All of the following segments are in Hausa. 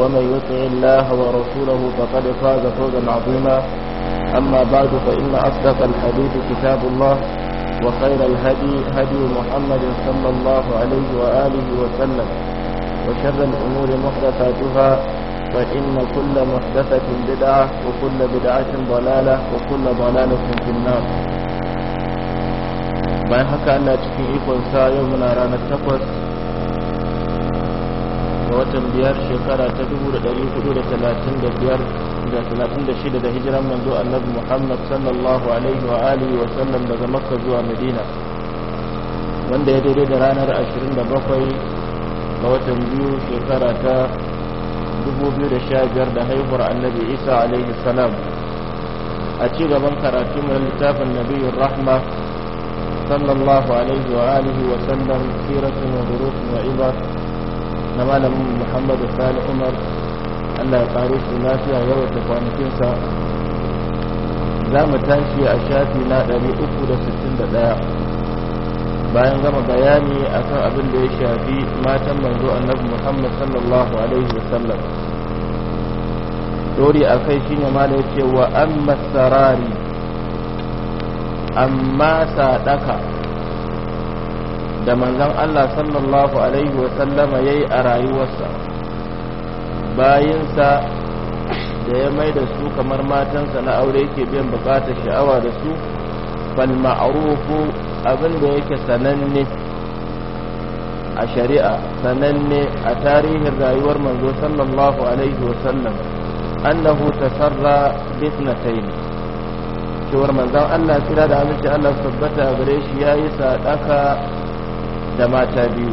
ومن يطع الله ورسوله فقد فاز فوزا عظيما أما بعد فإن أصدق الحديث كتاب الله وخير الهدي هدي محمد صلى الله عليه وآله وسلم وشر الأمور محدثاتها فإن كل محدثة بدعة وكل بدعة ضلالة وكل ضلالة في النار bayan haka Allah cikin ikonsa yau muna ranar takwas ga watan biyar shekara ta dubu da hudu da talatin talatin da da da da biyar shida hijiran manzo annabi Muhammad sallallahu alaihi wa alihi wa sallam daga Makka zuwa Madina wanda ya daidai da ranar ashirin da bakwai ga watan biyu shekara ta dubu biyu da sha biyar da haihuwar annabi Isa alaihi salam a ci gaban karatu mai littafin nabiyyin rahma sallallahu alaihi wa alihi wa sallam siratun wa durus wa ibar na malamin muhammadu sani umar allah ya faru su lafiya yawar da kwanakinsa za mu tashi a shafi na 361 bayan gama bayani akan abin da ya shafi matan manzo annabi muhammad sallallahu alaihi sallam. dori a kai shi ne mala ce wa amma sarari amma sadaka da manzon Allah sallallahu alaihi wasallama ya yi a rayuwarsa bayinsa da ya mai da su kamar matansa na aure yake biyan bukatar sha'awa da su fal ma'rufu abin da yake sananne a shari'a sananne a tarihin rayuwar manzo sallallahu alaihi wasallam annahu tasarra bitnatayn cewar manzan Allah kira da aminci Allah tabbata gare shi ya yi sadaka da mata biyu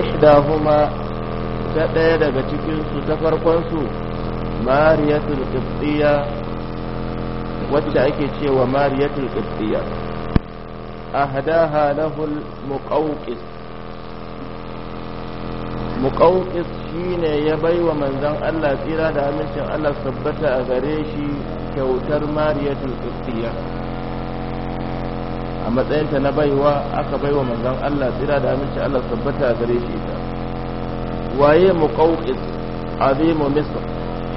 ihdahuma ta ɗaya daga cikin su ta farkonsu mariyatul qibtiyya wacce ake cewa mariyatul qibtiyya ahdaha lahu muqawqis muqawqis shine ya baiwa manzon Allah tsira da amincin Allah sabbata a gare shi kyautar mariyatul qibtiyya a matsayinta na baiwa aka baiwa manzon Allah tsira da aminci Allah tabbata gare shi ita waye muqawqis azimu misr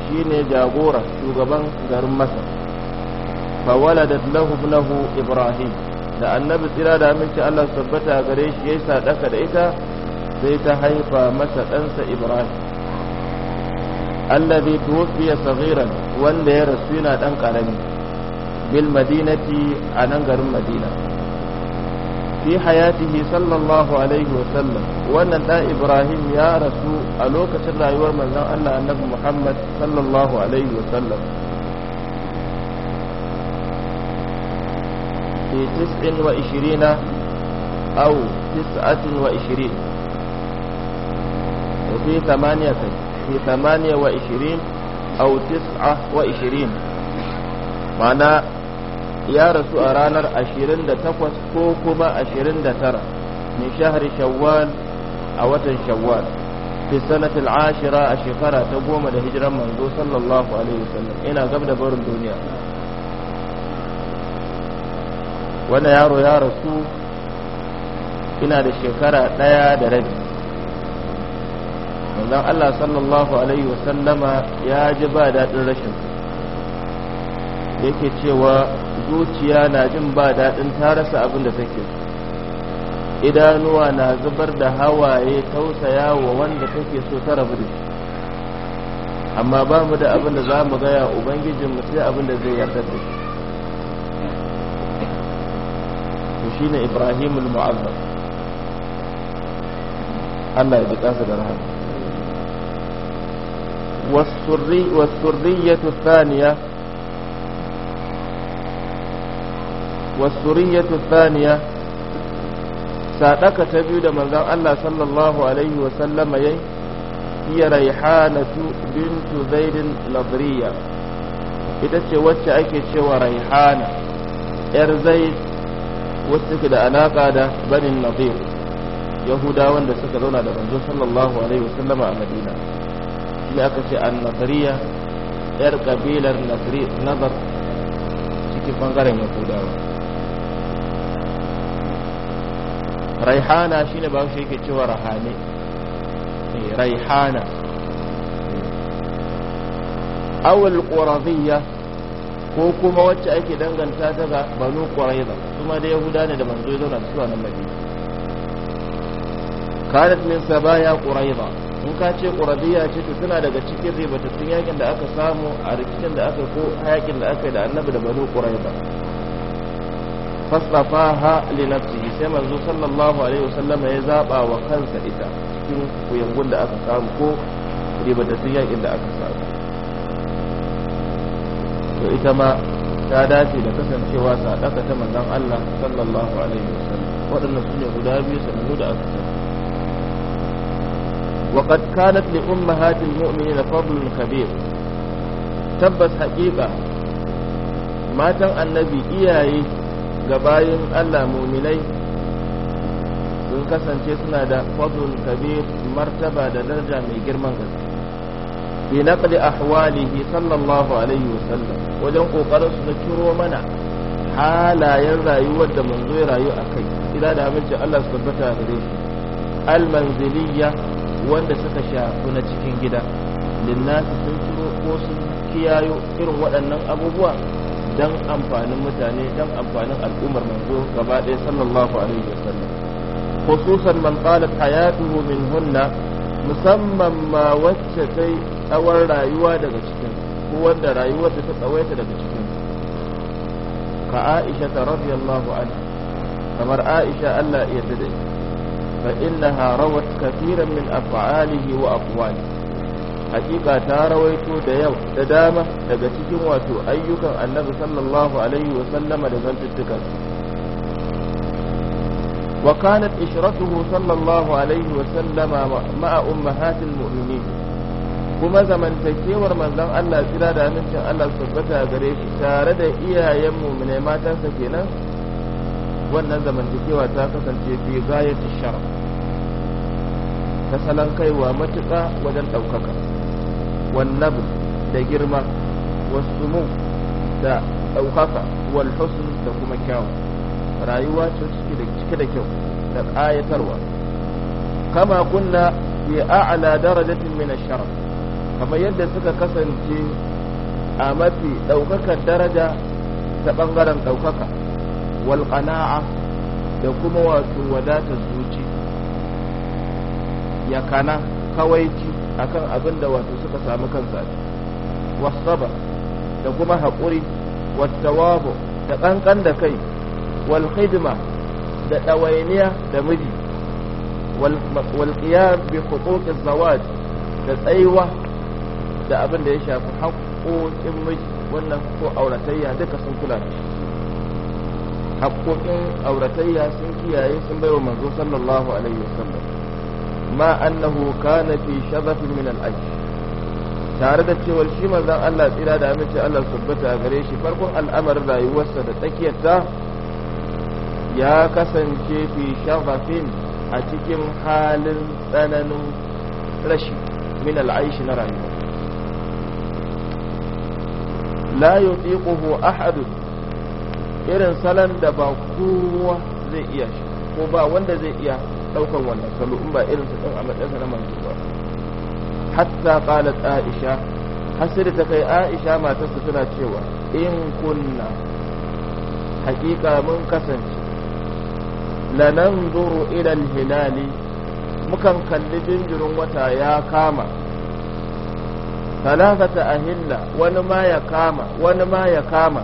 shine jagora shugaban garin masar fa waladat lahu ibnahu ibrahim da annabi tsira da aminci Allah tabbata gare shi yayi sadaka da ita sai ta haifa masa ɗansa ibrahim alladhi tuwfiya saghiran wanda ya rasu yana ɗan karami bil madinati a nan garin madina في حياته صلى الله عليه وسلم وانا لا ابراهيم يا رسول الوك ترى يوم ان النبي محمد صلى الله عليه وسلم في تسع وعشرين او تسعة وعشرين وفي ثمانية في ثمانية وعشرين او تسعة وعشرين معناه ya rasu a ranar 28 ko kuma 29 min shahri shawwal a watan shawwal fi sanatil ashira a shekara ta goma da hijiran manzo sallallahu alaihi wasallam ina gab da barin duniya wanda yaro ya rasu ina da shekara ɗaya da rabi manzon Allah sallallahu alaihi wasallama ya ji ba daɗin rashin yake cewa zuciya na jin ba daɗin ta rasa abin da take idanuwa na zubar da hawaye tausaya wa wanda take so ta rabu da amma ba mu da abin da za mu gaya ubangijinmu sai abin da zai yarda da shi shi ne ibrahim muazzam allah ya jika su da rahama wasurriyatu thaniya wasuriyatu thaniya sadaka ta biyu da manzon Allah sallallahu alaihi wa sallama yayi hiya raihanatu bintu zaidin ladriya ita ce wacce ake cewa raihana yar zaid wacce take da alaka da banin nadir yahudawan da suka zauna da manzo sallallahu alaihi wa sallama a madina ne aka ce an yar kabilar nazar cikin bangaren yahudawa raihana shine ba shi yake cewa rahane eh, raihana awal quradiyya ko kuma wacce ake danganta ta ga banu kuma da yahuda ne da manzo zauna da su a nan mafi kanat min sabaya quraiza in ka ce quradiya ce to tana daga cikin ribatattun yakin da aka samu a rikicin da aka ko hayakin da aka yi da annabi da banu fastafaha li nafsihi sai manzo sallallahu alaihi wasallam ya zaba wa kansa ita cikin kuyangun da aka samu ko ribatattun yakin da aka samu to ita ma ta dace da kasancewa sadaka ta manzon Allah sallallahu alaihi wasallam waɗannan su ne guda biyu sanannu da aka samu وقد كانت لأمهات المؤمنين فضل كبير تبت حقيقة matan annabi iyaye ga bayin Allah muminai sun kasance suna da fadul kabir martaba da daraja mai girman gaske fi naqli ahwalihi sallallahu alaihi wasallam wajen kokarin su na kiro mana halayen rayuwar da manzo ya rayu a kai ila da aminci Allah su tabbata gare shi almanziliya wanda suka shafi na cikin gida linnasi sun kiro ko sun kiyayo irin waɗannan abubuwa dan amfanin mutane dan amfanin al'ummar manzo gaba ɗaya sallallahu alaihi wasallam khususan man qalat hayatuhu min hunna musamman ma wacce ta tsawon rayuwa daga cikin ko wanda rayuwar ta tsawaita daga cikin ka Aisha ta radiyallahu anha kamar Aisha Allah ya tada fa innaha rawat kathiran min af'alihi wa aqwalihi hakika ta rawaito da yau da dama daga cikin wato ayyukan annabi sallallahu alaihi wa sallama da zantuttukan wa kanat ishratuhu sallallahu alaihi wa sallama ma'a ummahatil mu'minin kuma zamantakewar manzon Allah tsira da amincin Allah tabbata gare shi tare da iyayen muminai matansa kenan wannan zamantakewa ta kasance fi gayati sharaf ta salon kaiwa matuƙa wajen ɗaukaka والنبل da girma wasu da ɗaukaka wal da kuma kyau rayuwa ce cike da kyau da ƙayatarwa kama kunna bi a'la darajatin min ash-sharaf kamar yadda suka kasance a mafi ɗaukakar daraja ta ɓangaren ɗaukaka walƙana'a qana'a da kuma wato wadatar zuci ya kana kawaici akan abin da wato suka samu kansa wasaba da kuma haƙuri wattawabu da ƙanƙan da kai wal khidma da ɗawainiya da miji wal qiyam bi huquqiz zawaj da tsayuwa da abin da ya shafi haƙoƙin miji wannan ko auratayya duka sun kula da shi haƙoƙin auratayya sun kiyaye sun baiwa manzo sallallahu alaihi wasallam ma annahu kana fi shabafin min al'aji tare da cewar shi mazan Allah tsira da aminci Allah subbata a gare shi farkon al'amarin rayuwarsa da tsakiyarta ya kasance fi shagafin a cikin halin tsananin rashi min al'aishi na rayuwa la yutiquhu ahadun irin salon da ba zai iya ko ba wanda zai iya daukan wannan salo in ba irin sa din a matsayinsa na manzo ba hatta qalat aisha hasir ta kai aisha matarsa tana cewa in kunna hakika mun kasance lananzuru ila hilali mukan kalli jinjirin wata ya kama talafata ahilla wani ma ya kama wani ma ya kama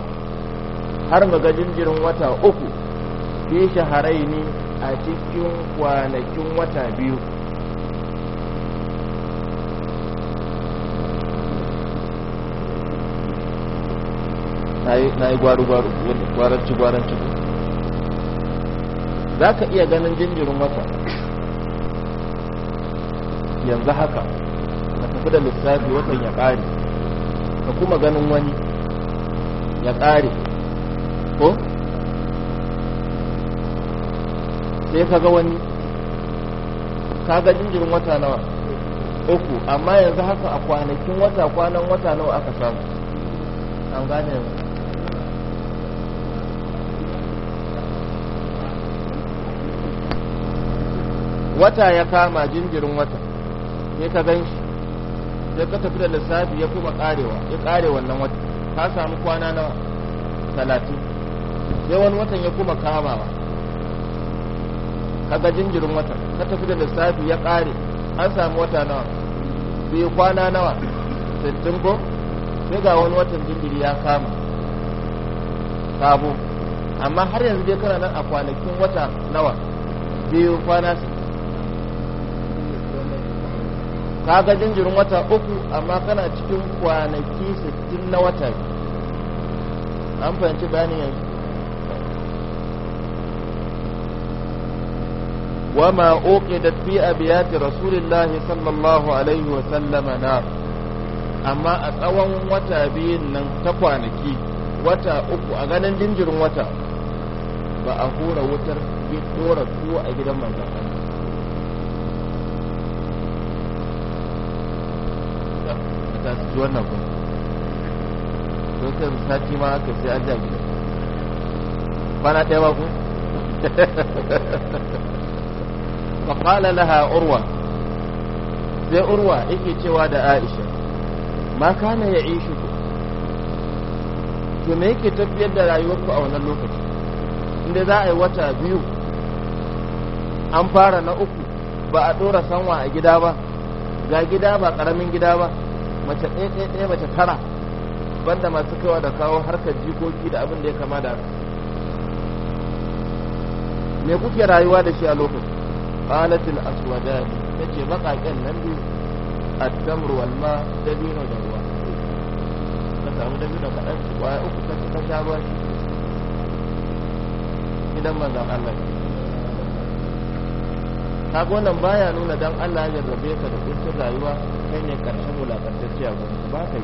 har ga jinjirin wata uku fi shaharai ne a cikin kwanakin wata biyu na yi gwaranci-gwaranci za ka iya ganin jinjirin wata yanzu haka ka tafi da lissafi watan ya ƙare ka kuma ganin wani ya ƙare ko sai ka ga wani ka ga jinjirin wata nawa uku amma yanzu haka a kwanakin wata kwanan wata nawa aka samu an gane yanzu wata ya kama jinjirin wata ne ka gan shi sai ka tafi da lissafi ya kuma karewa ya kare wannan wata ka samu kwana nawa talatin sai wani watan ya kuma kamawa kaga jinjirin wata ka tafi da lissafi ya ƙare an samu wata nawa biyu kwana nawa sittin ko sai ga wani watan jinjiri ya kama sabo amma har yanzu dai kana nan a kwanakin wata nawa biyu kwana kaga jinjirin wata uku amma kana cikin kwanaki sittin na wata an fahimci bayanin yanzu وما أوقدت في أبيات رسول الله صلى الله عليه وسلم نار أما أتوان وتابين ننتقوانكي wata uku a ganin jinjirin wata ba a hura wutar ya dora tuwo a gidan manzan Allah ma aka an bana ɗaya ba ku faƙala laha urwa sai urwa yake cewa da aisha ma kana ya ishi ku to me yake tafiyar da rayuwarku a wannan lokaci inda za a yi wata biyu an fara na uku ba a ɗora sanwa a gida ba ga gida ba ƙaramin gida ba mace ɗaya mace tara banda masu kaiwa da kawo harkar jikoki da abin da ya kama da me kuke rayuwa da shi a lokacin قالت aswadani تجي bakaken nan biyu at-tamr wal ma dabino da ruwa ka samu dabino kadan waya uku ka ka sha ruwa idan kaga wannan baya nuna dan Allah ya jarrabe ka da kuncin rayuwa kai ne karshen wulakantacce a gurin ba kai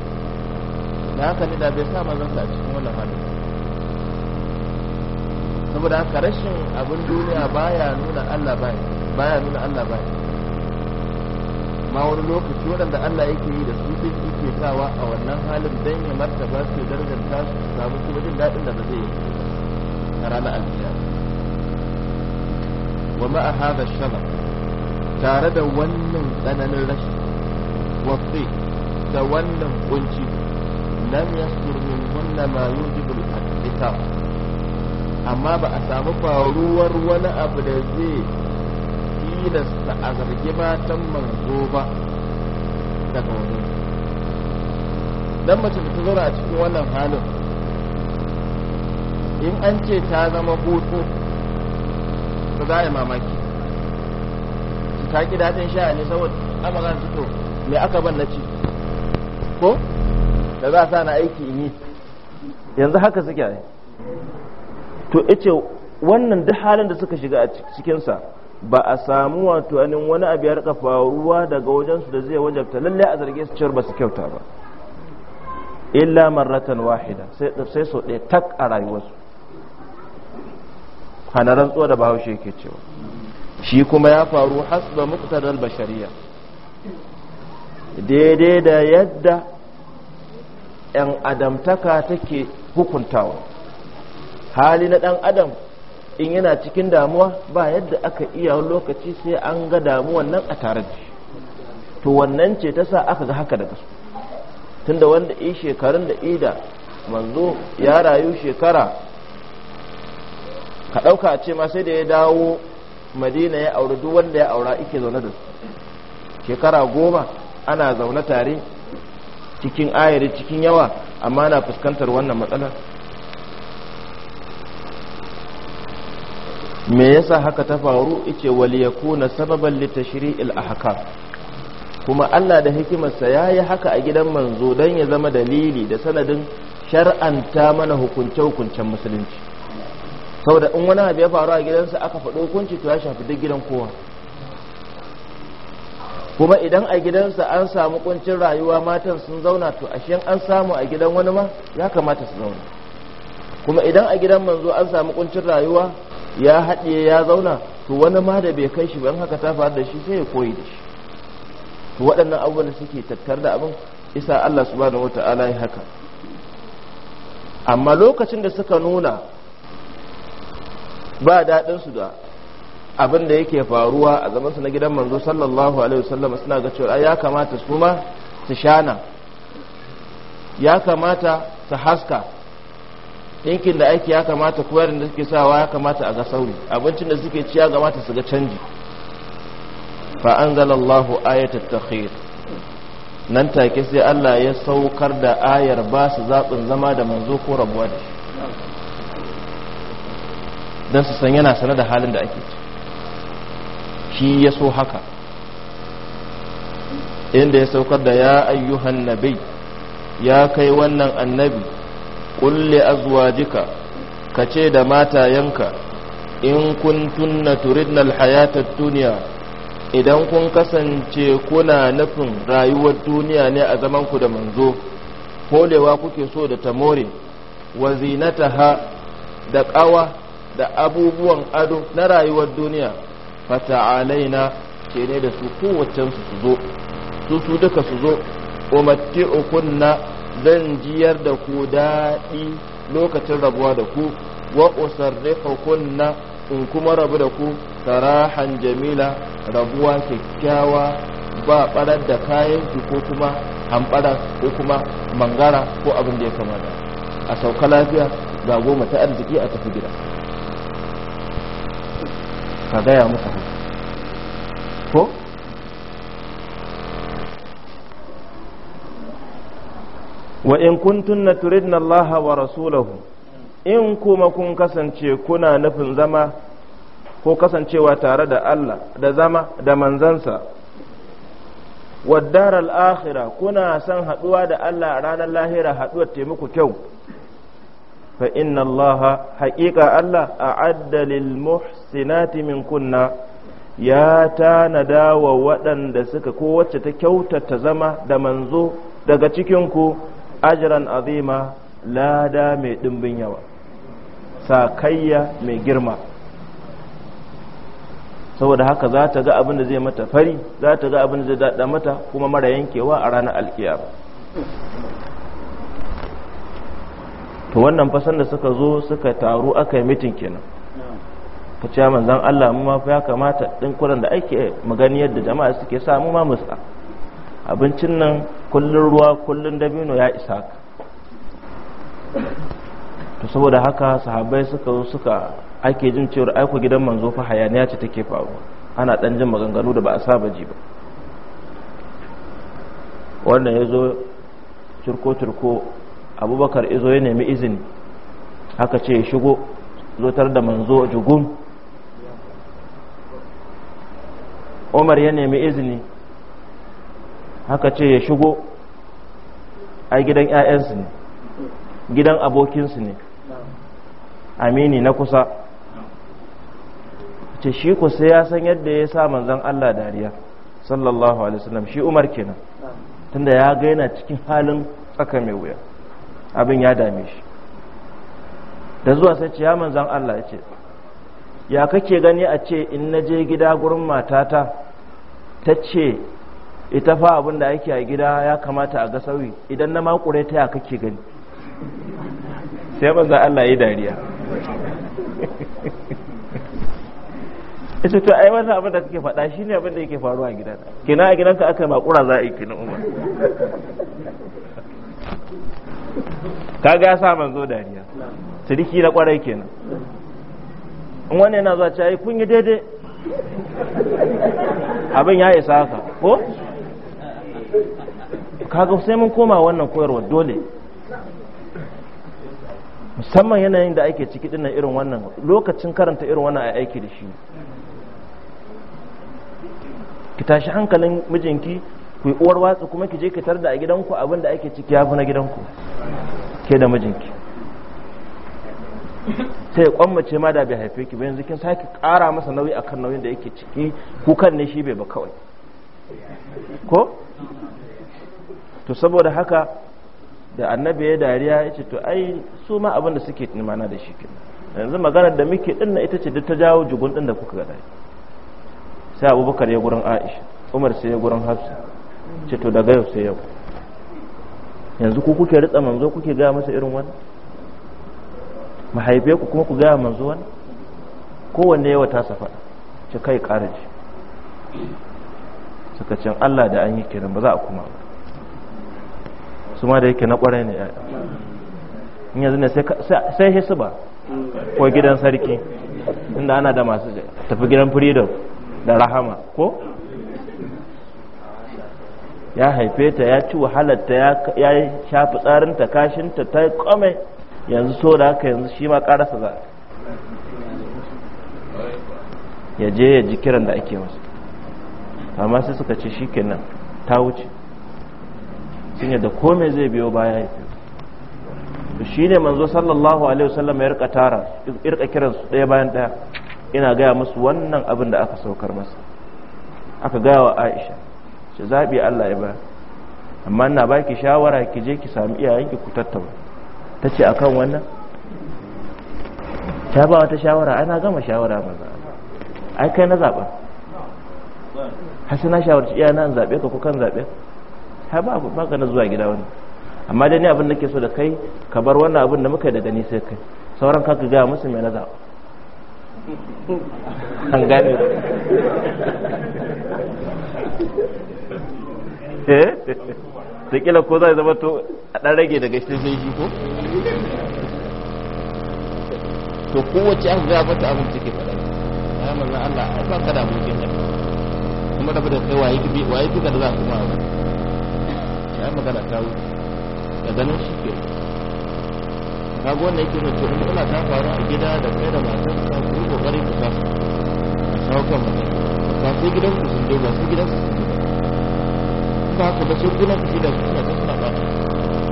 da haka ne da bai sa mazan sa a cikin wannan halin saboda haka rashin abin duniya baya nuna Allah baya baya nuna Allah ba ma wani lokaci waɗanda Allah yake yi da su duk sawa a wannan halin dan ya martaba su darganta su samu kuma daɗin da ba zai yi a ranar alfiya wa ma'a hada shaba tare da wannan tsananin rashi wafi da wannan kunci lam yasdur min kunna ma yujibu al amma ba a samu faruwar wani abu da zai tilasta a zargi matan manzo ba daga wani dan mace da ta zaura a cikin wannan halin in an ce ta zama hoto ta za a yi mamaki su ta ƙi daɗin sha ne saboda amazan su to mai aka ban na ci ko da za a sa na aiki in yi yanzu haka suke to ita wannan duk halin da suka shiga a cikinsa ba a samu wato anin wani abu ya rika faruwa daga wajensu da zai wajabta lalle a zarge su ciyar ba su kyauta ba illa marratan wahida sai sau ɗaya tak a rayuwarsu Kana rantsuwa da bahaushe yake cewa shi kuma ya faru hasba muqtadal bashariya daidai da yadda yan adamtaka take hukuntawa hali na ɗan adam in yana cikin damuwa ba yadda aka iya lokaci sai an ga damuwan nan a tare da shi to wannan ce ta sa aka ga haka daga su tunda wanda i shekarun da ida manzo ya rayu shekara ka ɗauka a ce ma sai da ya dawo madina ya aure duk wanda ya aura ike zaune da su shekara goma ana zaune tare cikin ayari cikin yawa amma na fuskantar wannan matsalar me yasa haka ta faru yace wal yakuna sababan litashri'il ahkam kuma Allah da hikimarsa yayi haka a gidan manzo dan ya zama dalili da sanadin shar'anta mana hukunce hukuncen musulunci saboda in wani abu ya faru a gidansa aka faɗo hukunci to ya shafi duk gidan kowa kuma idan a gidansa an samu kuncin rayuwa matan sun zauna to ashe an samu a gidan wani ma ya kamata su zauna kuma idan a gidan manzo an samu kuncin rayuwa ya haɗiye ya zauna to wani ma da bai kai shi ban haka ta faru da shi sai ya koyi da shi to waɗannan abubuwan suke tattar da abin isa Allah subhanahu wata'ala ya haka amma lokacin da suka nuna ba daɗinsu da abin da yake faruwa a zaman su na gidan manzo sallallahu alaihi wasallam suna ga cewa ya kamata su ma su shana ya kamata su haska yankin da aiki ya kamata koyar da suke sawa ya kamata a ga sauri abincin da suke ci ya kamata su ga canji fa anzalallahu ta takhir nan take sai Allah ya saukar da ayar ba su zaɓin zama da manzo ko rabuwa da shi don su san yana sane da halin da ake ci shi ya so haka inda ya saukar da ya ayyuhan nabi ya kai wannan annabi kulli azwajika kace da matayanka in kuntunna turidna alhayata ad duniya idan kun kasance kuna nufin rayuwar duniya ne a zaman ku da manzo holewa kuke so da tamore wa zinataha da qawa da abubuwan ado na rayuwar duniya alaina ke ne da su kowacensu su zo su su duka su zo ukunna. zan jiyar da ku daɗi lokacin rabuwa da ku wa usarrihu kunna in kuma rabu da ku sarahan jamila rabuwa kyakkyawa ba barar da kayan ki ko kuma hambara ko kuma mangara ko abin da ya kamata a sauka lafiya ga goma ta arziki a tafi gida ka gaya musu ko wa in kuntunna turidna Allah wa rasulahu in kuma kun kasance kuna nufin zama ko kasancewa tare da Allah da zama da manzansa waddar akhira kuna son haɗuwa da Allah ranar lahira haɗuwar taimako kyau fa inna Allah haƙiƙa Allah a addalil muhsinati min kunna ya tanada wa waɗanda suka ko wacce ta kyautata zama da manzo daga cikinku ajran azima lada mai ɗimbin yawa sakayya mai girma saboda haka za ta ga abin da zai mata fari za ta ga abin da zai dada mata kuma mara yankewa a ranar alkiyama to wannan fasan da suka zo suka taru aka yi mitin kenan ka ce zan Allah mu ma ya kamata din kuran da ake magani yadda jama'a suke sa mu ma musa abincin nan kullun ruwa kullun dabino ya isa ka to saboda haka sahabbai suka zo suka ake jin cewar aiko gidan manzo fa hayaniya ce take faruwa ana dan jin maganganu da ba a saba ji ba wannan ya zo turko-turko abubakar izo ya nemi izini haka ce ya shigo zotar da manzo jugun umar ya nemi izini haka ce ya shigo a gidan 'ya'yansu ne gidan abokinsu ne amini na kusa ce shi ku sai ya san yadda ya sa manzan Allah dariya sallallahu alaihi wasallam shi umar kenan tunda ya gaina cikin halin tsaka mai wuya abin ya dame shi da zuwa sai ce ya manzan Allah ya ce ya kake gani a ce in na je gida gurin matata ta ce ita fa abin da ake a gida ya kamata a ga sauyi idan na makure ta ya kake gani sai manzan Allah ya dariya ita to ai wannan abin da kake faɗa shine abin da yake faruwa a gidan kina a gidan ka aka makura za a yi kina umar kaga ya sa manzo dariya siriki na kwarai kenan in wani yana zuwa cewa kun yi daidai abin ya isa ka ko kaga sai mun koma wannan koyarwa dole musamman yanayin da ake ciki dinnan irin wannan lokacin karanta irin wannan a aiki da shi ki tashi hankalin mijinki ku yi uwar watsa kuma ki je ki tar da a gidanku abin da ake ciki ya fi na gidanku ke da mijinki sai kwammace ma da bai haife ki yanzu kin sake kara masa nauyi akan nauyin da yake ciki kukan ne shi bai ba kawai ko to saboda haka da annabi ya dariya ya ce to ai su ma abin da suke nimana da shi ke yanzu maganar da muke din na ita ce duk ta jawo jugun din da kuka gada sai abubakar ya gurin aisha umar sai ya gurin hafsa ce to daga yau sai yau yanzu ku kuke ritsa manzo kuke gaya masa irin wani mahaife ku kuma ku gaya manzo wani kowanne yawa ta safa ce kai karaji suka can allah da an yi kiran ba za a kuma ba su ma da yake na kwarai ne yaya in yanzu ne sai hisba ko gidan sarki inda ana da masu tafi gidan freedom da rahama ko ya haife ta ya ci wahalarta ya shafi tsarinta kashinta ta kome yanzu so da haka yanzu shi ma karasa za ya je ya ji kiran da ake masu amma sai suka ce shi kenan ta wuce sun yadda kome zai biyo baya ya biyo shi ne manzo sallallahu alaihi wasallam ya rika tara irka kiransu ɗaya bayan ɗaya ina gaya musu wannan abin da aka saukar masa aka gaya wa aisha shi zaɓi allah ya ba amma na baki shawara ki je ki sami iyayenki ku tattauna ta ce akan wannan ta ba wata shawara ana gama shawara maza ai kai na zaɓa hasina na shawarci iyana zaɓe ka ko kan zaɓe ka ha ba ba ka na zuwa gida wani amma dai ne abin da ke so da kai ka bar wannan abin da muka daga ni sai kai sauran ka ga gaya musu mai na an gane eh da kila ko a zama to a ɗan rage daga shi sai shi ko to kowace an ga mata abin take faɗa ya mallan Allah ai ba ka da abokin kuma da ba da kai waye kibi waye kika da za ku ma ya magana ta wuce daga ganin shi ke kaga wannan yake mace in matsala ta faru a gida da kai da matan ka ku kokari ku ta a shawo kan mutum ba sai gidan ku sun je ba sai gidan ku sun je ba ku ba sai gidan ku gidan ku suna ta suna ba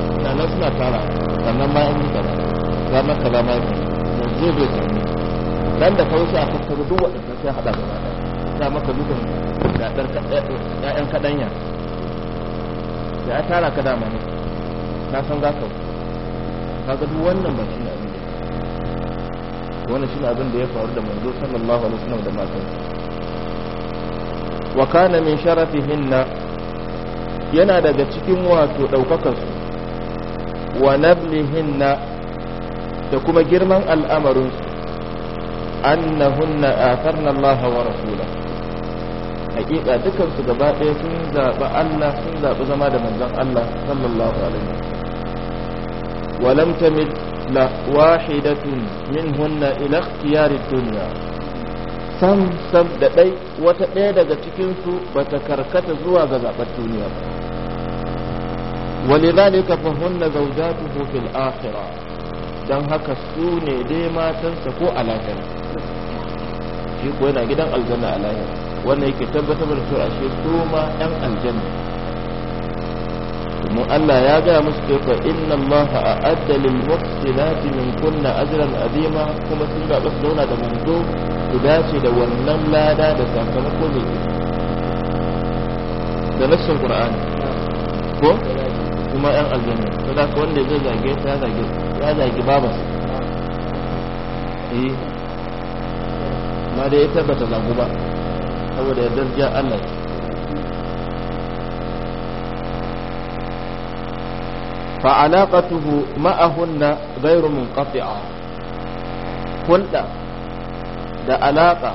suna nan suna tara sannan ma an yi kaza na kaza ma yi yanzu zai sami dan da kawai sai a tattara duk waɗanda sai haɗa gaba ɗaya sa maka dukan daɗar ƴaƴan kaɗanya da ya tara ka dama ne na san za ka ka ga duk wannan ba ne abin da wannan ne abin da ya faru da manzo sallallahu alaihi wasallam da matan wa kana min sharafihinna yana daga cikin wato daukakar su wa nablihinna da kuma girman al'amarin su annahunna atharna Allah wa rasulahu hakika dukan su gaba ɗaya sun zaɓi Allah sun zaɓi zama da manzon Allah sallallahu alaihi wa walam tamid la wahidatun minhunna ila ikhtiyari dunya sam sam da dai wata ɗaya daga cikin su bata karkata zuwa ga zaɓar duniya ba walidhalika fa hunna zawjatuhu fil akhirah don haka su ne matansa ko a lahira yana gidan aljanna a lahira wannan yake tabbatar da cewa ashe su ma ɗan aljanna kuma Allah ya gaya musu da fa inna Allah a'adda lil muhsinati min kunna ajran azima kuma sun ga su dauna da manzo su dace da wannan lada da sakamako ne da nassin Qur'ani ko kuma ɗan aljanna ka wanda zai zage ta zage ya zage babas eh ma dai ya tabbata zagu ba saboda yardar ja Allah fa alaqatuhu ma'ahunna ghayru munqati'a hulɗa da alaƙa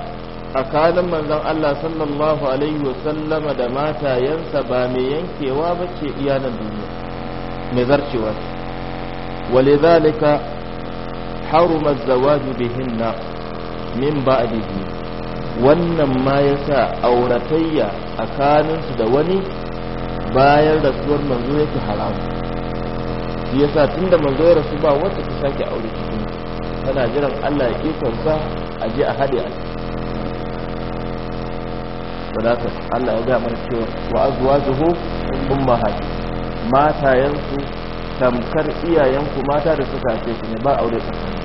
tsakanin manzon Allah sallallahu alaihi wa sallama da matayensa ba mai yankewa ba ce iyanan duniya mai zarcewa ce ولذلك حرم الزواج بهن من بعده wannan ma ya sa auratayya a kaninsu da wani bayan rasuwar manzo yake haram shi ya sa tun da manzo ya rasu ba wanda ta sake aure cikin tana jiran allah ya ikonsa a je a haɗe a sadaka allah ya gaya mana cewa wa azwajuhu ummahati matayensu tamkar iyayenku mata da suka ce ne ba aure tsakanin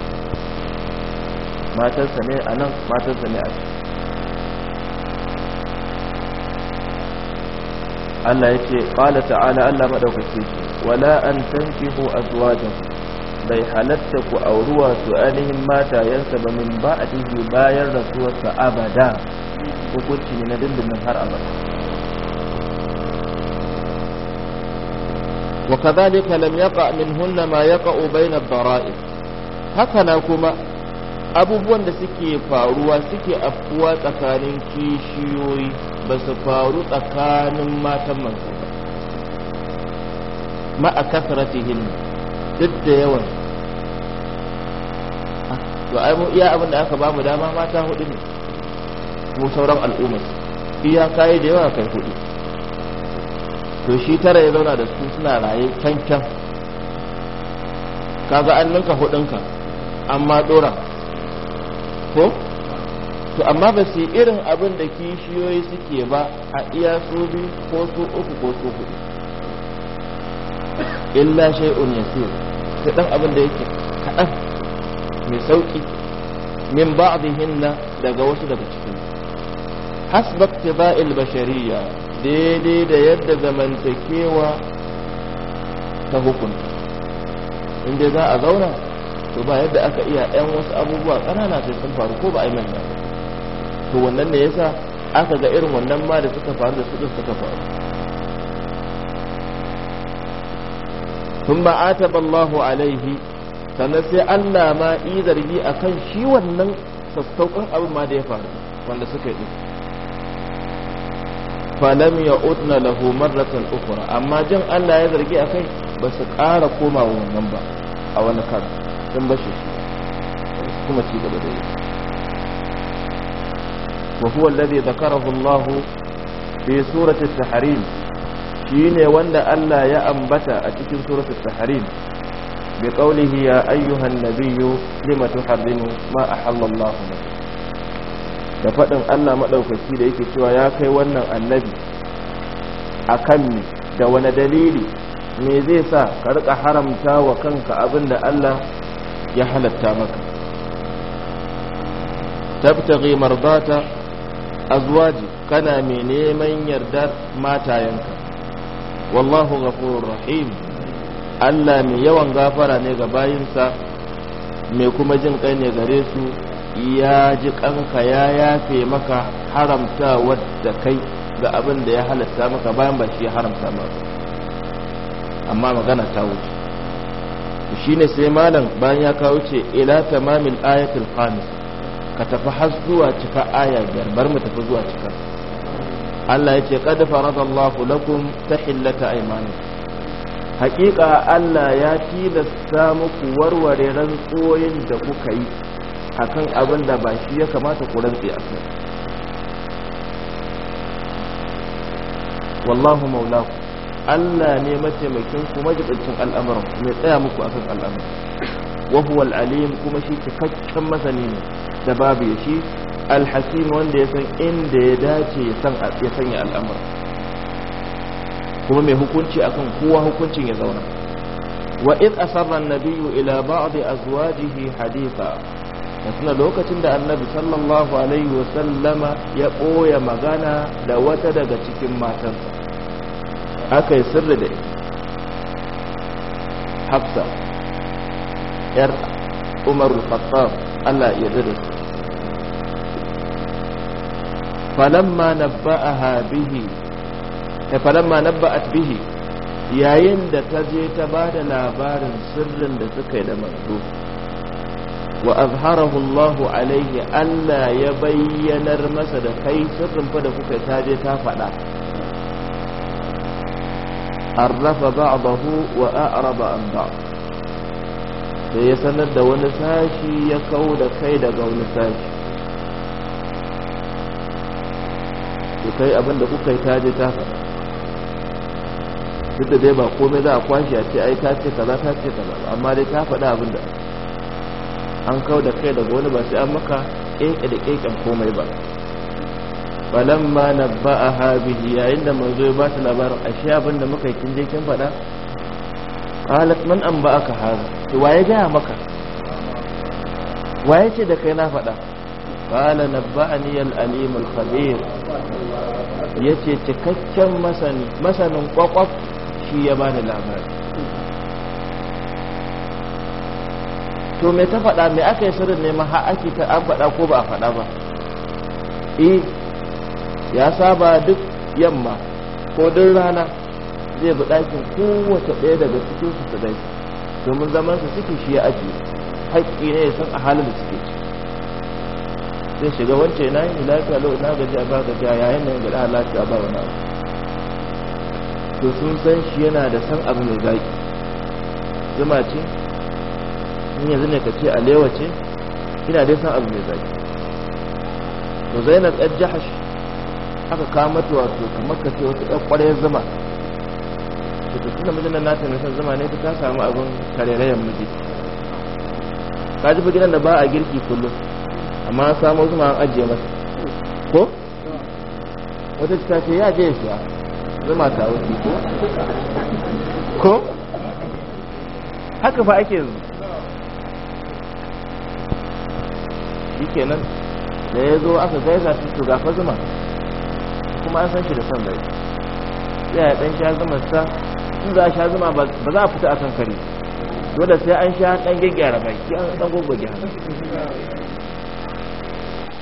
matarsa ne a nan matarsa ne a ciki Allah ya ce ƙwala ta'ala Allah maɗaukake shi wala an tankihu azwajakum bai halatta ku auruwa su ainihin yansa ba min ba a ɗigi bayan rasuwarsa abada hukunci ne na dindindin har abada وكذلك لم يقع منهن ما يقع بين haka na kuma. abubuwan da suke faruwa suke afkuwa tsakanin kishiyoyi ba su faru tsakanin matan manzo ba ma'a kasratihin duk da yawan ah, to ai mu iya abin da aka mu dama mata hudu ne mu sauran al'umma iya kai da yawa kai hudu to shi tara ya zauna da su suna raye can can kaga an ninka ka amma dora ko to amma ba su irin abin da kishiyoyi suke ba a iya su biyu ko su uku ko su hudu illa shay'un yasir ta dan abin da yake kaɗan mai sauki min ba'dihinna daga wasu daga cikin hasba iktiba'il bashariya daidai da yadda zamantakewa ta hukunta inda za a zauna to ba yadda aka iya ɗan wasu abubuwa ƙanana sai sun faru ko ba a yi manya to wannan ne yasa aka ga irin wannan ma da suka faru da suka suka faru sun ba ataba Allahu alaihi sannan sai Allah ma yi zargi akan shi wannan sassauƙan abin ma da ya faru wanda suka yi falam ya utna lahu marratan ukhra amma jin Allah ya zargi akai ba su ƙara komawa wannan ba a wani karin sun bashi kuma ci gaba da yi wa huwa alladhi dhakarahu Allah fi surati at-tahrim shine wanda Allah ya ambata a cikin surati at-tahrim bi qawlihi ya ayyuhan nabiyyu lima tuharrimu ma ahalla Allah lak da fadin Allah madaukaki da yake cewa ya kai wannan annabi akan ne da wani dalili me zai sa ka rika haramta wa kanka abin da Allah ya halatta maka tabtaghi mardata azwaji kana mai neman yardar matayenka wallahu ghafurur rahim Allah mai yawan gafara ne ga bayinsa mai kuma jin kai ne gare su ya ji kanka ya yafe maka haramta wadda kai ga abin da ya halatta maka bayan ba shi ya haramta maka amma magana ta wuce shine sai malam bayan ya kawo ce ila tamamil ayatul khamis ka tafi har zuwa cika aya biyar bar mu tafi zuwa cika Allah yace qad faradallahu lakum tahillata aymanikum haƙiƙa Allah ya tilasta muku warware rantsoyin da kuka yi akan abin da ba shi ya kamata ku rantsi a wallahu maulaku Allah ne mataimakin ku majibincin al'amuran mai tsaya muku akan al'amuran wa alim kuma shi cikakken masani ne da babu ya shi alhakim wanda ya san inda ya dace ya sanya al'amura kuma mai hukunci akan kowa hukuncin ya zauna wa asarar asarra an-nabiyyu ila ba'd azwajihi haditha da suna lokacin da annabi sallallahu alaihi wasallama ya ɓoya magana da wata daga cikin matansa aka yi sirri da hafsa yar umar al Allah ya yarda su. falamma bihi ta eh, falamma bihi yayin da ta je ta ba da labarin sirrin da suka yi da manzo wa azharahu Allah alaihi Allah ya bayyanar masa da kai sirrin fa da kuka ta je ta faɗa arrafa بعضه wa عن بعض sai ya sanar da wani sashi ya kawo da kai daga wani sashi ku kai abin da kuka yi ta je ta faɗa duk da dai ba komai za a kwashe a ce ai ta ce kaza ta ce kaza amma dai ta faɗa abin da an kawo da kai daga wani ba sai an maka ƙeƙe da ƙeƙen komai ba falamma nabba'aha bihi yayin da manzo ya ba ta labarin ashe abin da muka yi kin je kin faɗa qalat man aka haza to waye ga maka waye ce da kai na faɗa qala nabba'ani al-alim al-khabir yace cikakken masani masanin kwakwaf shi ya bani labari to me ta faɗa me aka yi sirrin ne ma ha ake ta an faɗa ko ba a faɗa ba eh ya saba duk yamma ko duk rana zai bi ɗakin kowace ɗaya daga cikin su ta gaisa domin zaman su suke shi ya ajiye haƙƙi ne ya san a halin da suke zai shiga wance na yi lafiya lau na gaji a ba gaji yayin da ya gaɗa lafiya ba wani abu to sun san shi yana da san abu mai zaki zuma ce in yanzu ne ka ce alewa ce ina dai san abu mai zaki to zainab ɗan jahash aka kama mata wato kamar ka ce wata ɗan zama da ta tuna mijin nata na san zama ne ta ta samu abin karerayen miji ka ji gidan da ba a girki kullum amma samu zuma an ajiye masa ko wata ta ce ya je shi zuma ta wuce ko ko haka fa ake yanzu shi kenan da ya zo aka gaisa su shugafa zuma kuma an san shi da son rai sai yi ɗan sha zuma sa in za a sha zuma ba za a fita a kan kare dole sai an sha ɗan gyaggyara ki an dan gogoge hannu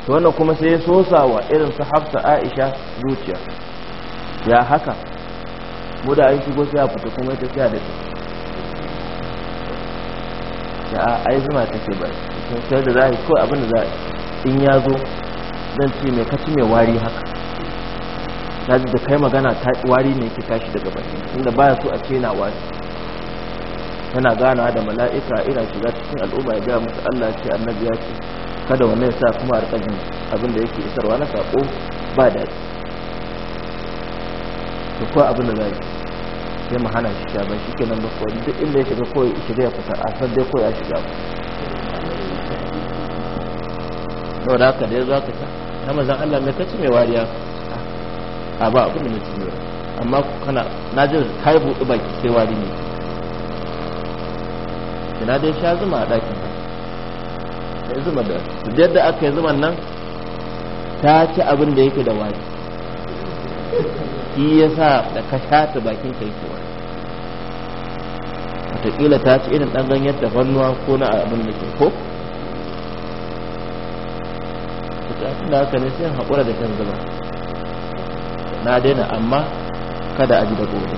to wannan kuma sai ya wa irin su Hafsa Aisha zuciya ya haka mu da an shigo sai a fita kuma ita sha da ta ya ai zuma take ba sai da za a yi ko abin da za a in ya zo zan ce mai kaci mai wari haka ta da kai magana ta wari ne ke tashi daga baki inda baya so a ce na wari tana gana da mala'ika ina shiga cikin al'umma ya ga musu Allah ya ce annabi ya ce kada wannan ya sa kuma a rikajin abin da yake isarwa na sako ba daɗi da kuwa abin da zai sai mu hana shi shaban shi kenan ba kuwa duk inda ya shiga ya shiga ya fita a san dai koyi ya shiga ba da haka da ya zo aka ta na mazan Allah mai ci mai wariya a ba abin da na ci ne amma kana na ji yi buɗe baki sai wari ne Ina dai sha zuma a ɗakin ka sai zuma da su yadda aka yi zuman nan ta ci abin da yake da wari shi ya sa da ka sha ta bakin ka yake wari watakila ta ci irin ɗan ganyen fannuwa ko na abin da ke ko da haka ne sai haƙura da kan zuma na daina amma kada a ji da gobe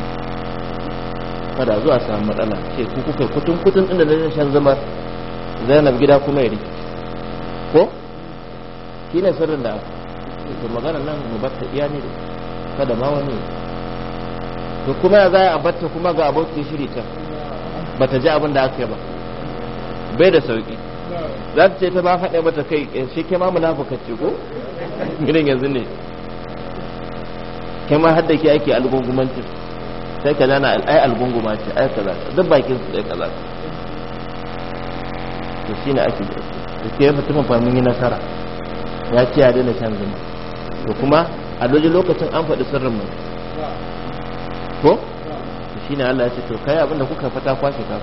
kada zuwa samu matsala ce ku kuka kutun kutun inda na shan zama zainab gida kuma ya rikici ko shi ne sirrin da aka to magana nan mu batta iya ne kada ma wani to kuma ya zai a batta kuma ga abokin shiri ta bata ji abin da aka yi ba bai da sauki za ta ce ta ba faɗa ta kai eh, shi ke ma munafuka ce ko gidan yanzu ne kai ma har da ke ake algungumanci sai ka zana ai algunguma ce ai kaza duk bakin su sai kaza to shine ake da da ke mutum fa mun yi nasara ya ce ya daina shan zuma to kuma a lokacin an faɗi sirrin mu ko shi ne Allah ya ce to kai abinda kuka fata kwashe ka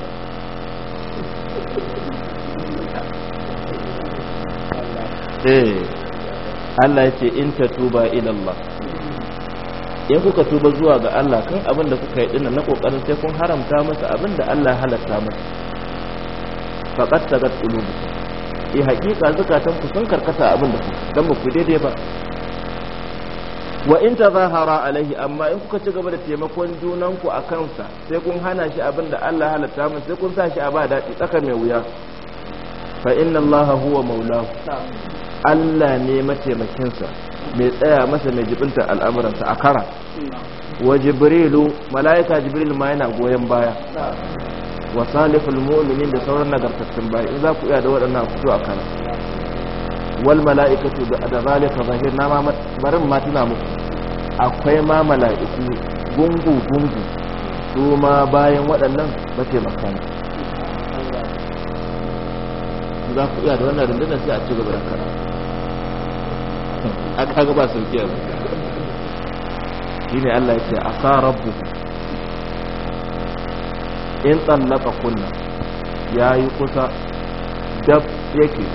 eh. Allah ya ce in tatuba ila Allah ya kuka tuba zuwa ga Allah kan abin da kuka yi dinna na kokarin sai kun haramta masa abin da Allah halatta masa faqat sagat qulubukum eh hakika zakatan ku sun karkata abin da ku dan ba ku daidai ba wa in tazahara alaihi amma in kuka ci gaba da taimakon junan ku akan sa sai kun hana shi abin da Allah halatta masa sai kun sa shi a ba dadi tsaka mai wuya fa inna Allah huwa maulahu Allah ne mataimakinsa mai tsaya masa mai jibinta al'amuransa a kara wa jibrilu mala'ika jibril ma yana goyon baya wa saliful mu'minin da sauran nagartattun baya. in za ku iya da waɗannan fito a kara wal mala'ikatu da zalika zahir na ma barin ma tuna muku akwai ma mala'iku gungu gungu su ma bayan waɗannan mataimaka ne za ku iya da wannan rundunar sai a ci gaba da kara a kaga ba sauki a shine Allah ya ce asa rabbu in tsallaka kunna yayi kusa dab yake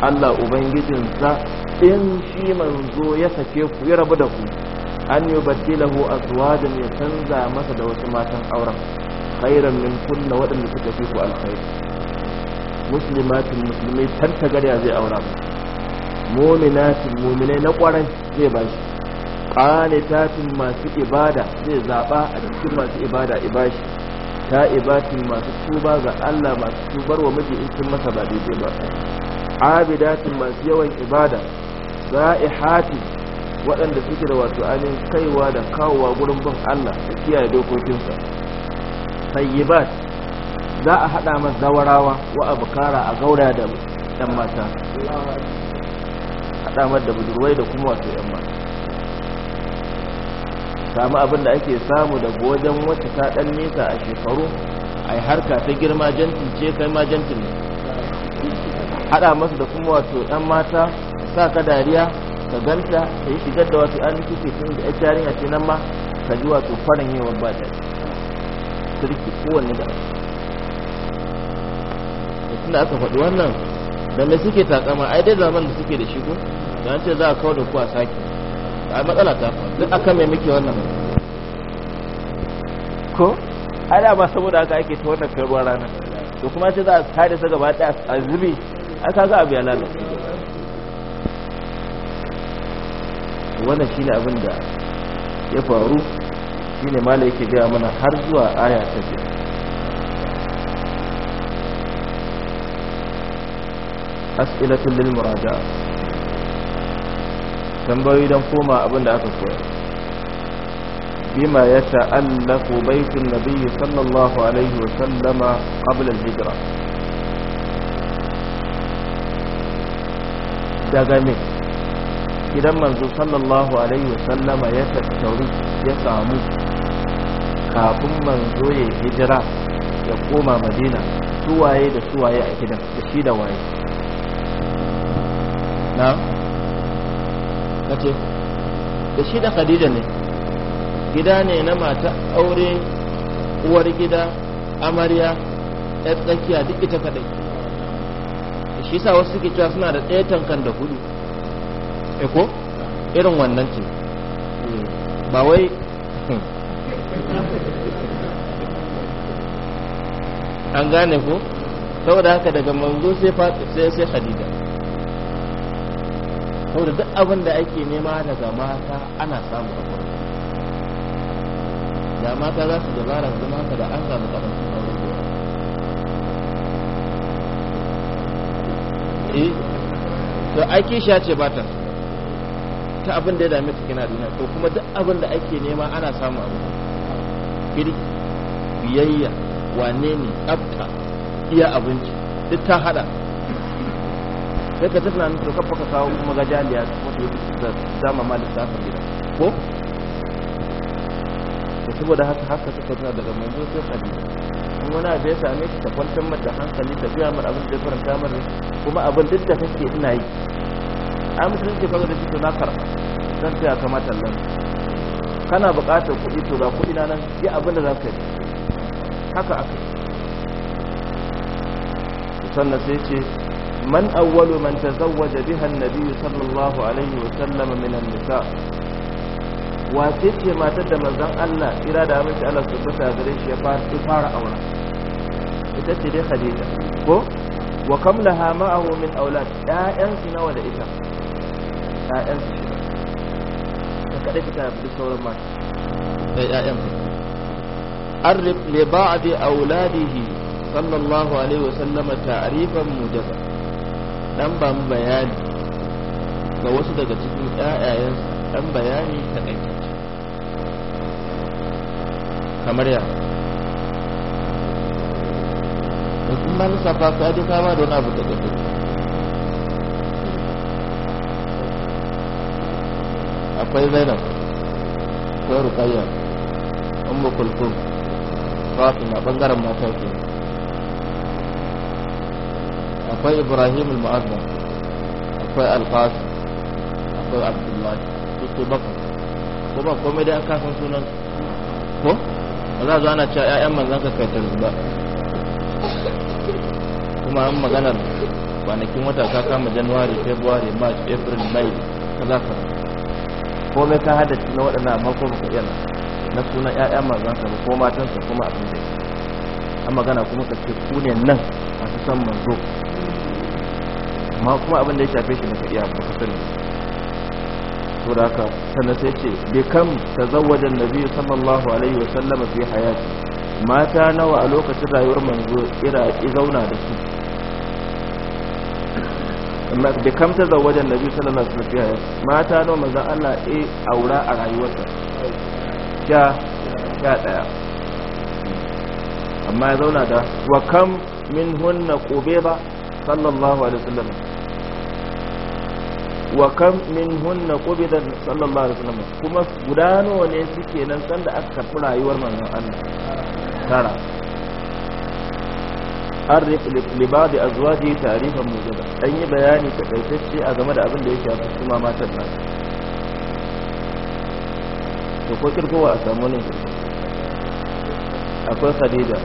Allah ubangijinsa in shi manzo ya sake ku ya rabu da ku an yi battilahu azwajan ya canza masa da wasu matan auren khairan min kunna waɗanda suka fi ku alkhairi muslimatin musulmai ya zai aura ba muminatin muminai na kwarai zai ba shi qanitatin masu ibada zai zaba a cikin masu ibada ibashi ibatin masu tuba ga Allah masu tubar wa miji in kin masa ba daidai ba abidatin masu yawan ibada za'ihati waɗanda suke da wato ainihin kaiwa da kawowa gurin bin Allah da kiyaye dokokinsa tayyibat za a haɗa masa zawarawa wa abukara a gaura da mata samar da budurwai da kuma wato yan samu abin da ake samu da wajen wata ta dan nesa a shekaru ai harka ta girma jantin ce kai ma jantin ne hada masa da kuma wato yan mata sa ka dariya ka ganta ka yi shigar da wato an rikice tun da yan a ce nan ma ka ji wato farin yi ba da sirki kowanne da da tunda aka faɗi wannan da me suke takama ai dai zaman da suke da shi ko da an ce za a kawo da ku a sake a matsala ta duk aka mai muke wannan ko ala ba saboda haka ake ta wannan karuwar rana to kuma ce za a tare sa gaba ɗaya a zubi a za a biya lalace wannan shine abin da ya faru shine mala yake gaya mana har zuwa aya ta biyar أسئلة للمراجعة tambayoyi don koma abin da aka koya bima ya ta'allaku baitun nabiyyi sallallahu alaihi wa sallama qabla al-hijra daga me idan manzo sallallahu alaihi wa sallama ya tattauri ya samu kafin manzo ya hijira ya koma madina suwaye da suwaye a gidan da shi da waye na ce da shi da khadija ne gida ne na mata aure uwar gida amarya ya tsakiya duk ita kadai da shi sa wasu suke cewa suna da ɗaya tankan da hudu eh ko irin wannan ce ba wai an gane ko saboda haka daga manzo sai sai khadija saboda duk abin da ake nema daga mata ana samu a kwanci da mata za su dabara su zama da an samu karancin auren gora eh to ake sha ce ba ta ta abin da ya dame cikin kina duniya to kuma duk abin da ake nema ana samu a gurin kirki biyayya wane ne tsafta iya abinci duk ta hada sai ka tafi nan ka kafa ka kawo kuma gajaliya wata yake da dama ma lissafin gida ko da saboda haka haka ta tafi daga manzo sai khadija in wani abu ya same ka kwantar mata hankali ta biya mar abin da faranta mar kuma abin duk da kake ina yi a ke kaga da shi na karɓa zan taya kamata nan kana buƙatar kuɗi to ga kuɗi na nan yi abin da za ka yi haka aka yi sannan sai ce من أول من تزوج بها النبي صلى الله عليه وسلم من النساء واتيتي ما تدم زن الله إرادة أمس على سبتها غريش يفار إفار أولا إتتي دي خديجة كو وكم لها معه من أولاد لا أنسنا ولا إتا لا أنسنا فكذلك تابد الصورة ما لا أنسنا عرف لبعض أولاده صلى الله عليه وسلم تعريفا موجبا dan ba bayani ga wasu daga cikin ƴaƴayensa dan bayani ta kaitace kamar ya in ni safa ka ji kama da wani abu daga duk akwai zainab akwai rukayya ummu kulkum fatima bangaren mata kenan akwai ibrahim al-mu'azzam akwai al akwai abdullahi su su baka ko ba komai dai an kasan sunan ko ba za zo ana cewa yayan manzan ka kai ba kuma an maganar kwanakin wata ka kama january february march april may za ka komai ka haddace na waɗannan amma ko ka iya na sunan yayan manzan ka ko matansa kuma abin da an magana kuma ka ce ku ne nan a san manzo amma kuma abin da ya shafe shi baka iya baka sani to da haka sannan sai ce bi kam tazawwaja annabi sallallahu alaihi wa sallam fi hayati mata nawa a lokacin rayuwar manzo ira zauna da su amma bi kam tazawwaja annabi sallallahu alaihi wa sallam fi hayati mata nawa manzo Allah eh aura a rayuwarsa ya ya daya amma ya zauna da wa kam min hunna qubeba sallallahu alaihi wasallam wa kam min hunna qubida sallallahu alaihi wasallam kuma guda nawa ne suke nan sanda aka karɓi rayuwar manzon Allah tara arif li ba'di azwaji ta'rifan mujaba an yi bayani kaitacce a game da abin da ya a kuma matar nan to ko kirko a samu ne akwai khadija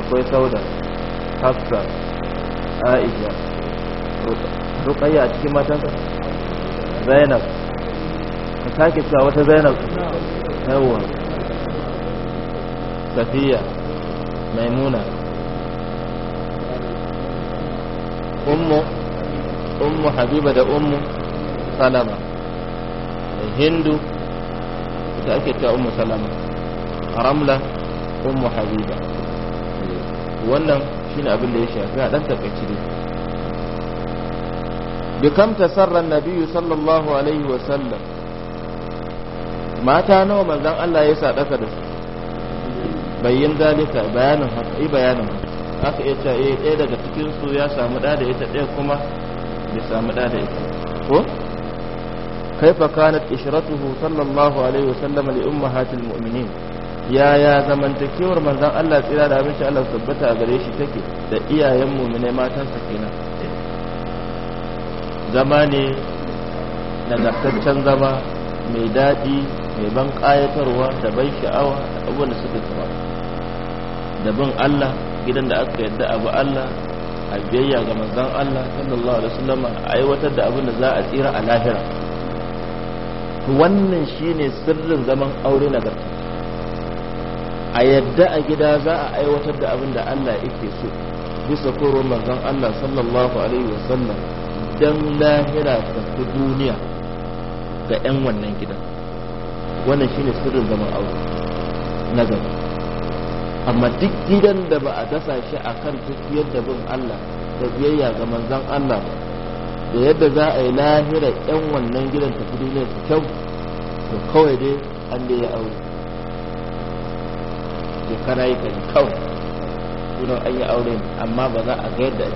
akwai sauda hafsa aisha ruqayya a cikin matan zainab ka sake cewa wata zainab yawa safiya maimuna ummu ummu habiba da ummu salama hindu ita ake cewa ummu salama ramla ummu habiba wannan shine abin da ya shafi a dan takaici dai bikam tasarra nabiyyu sallallahu alaihi wa sallam mata nawa manzon Allah ya sadaka da su bayyin dalika bayanin haka bayanin aka iya cewa eh ɗaya daga cikin su ya samu da da ita ɗaya kuma ya samu da da ita ko كيف كانت إشرته صلى الله عليه وسلم لأمهات المؤمنين يا يا زمن تكيور من ذا الله تعالى من شاء الله ثبتها غريش تكي دا إيا يمو من ما تنسكينا zama ne nagartaccen zama mai daɗi mai ban ƙayatarwa da ban sha'awa da abubuwan da suka kama da bin Allah gidan da aka yadda abu Allah a biyayya ga mazan Allah sallallahu alaihi wasallam a aiwatar da abin da za a tsira a lahira wannan shine sirrin zaman aure na nagarta a yadda a gida za a aiwatar da abin da Allah yake so bisa koron mazan Allah sallallahu alaihi wasallam Idan lahira ta duniya ga 'yan wannan gidan wannan shine sirrin zaman aure na gaba amma duk gidan da ba a dasa shi a kan tafiyar da bin Allah da biyayya ga manzan Allah ba da yadda za a yi lahira 'yan wannan gidan ta fi duniya ta kyau to kawai dai an da ya aure kara yi kawai sunan an yi aure amma ba za a ga yadda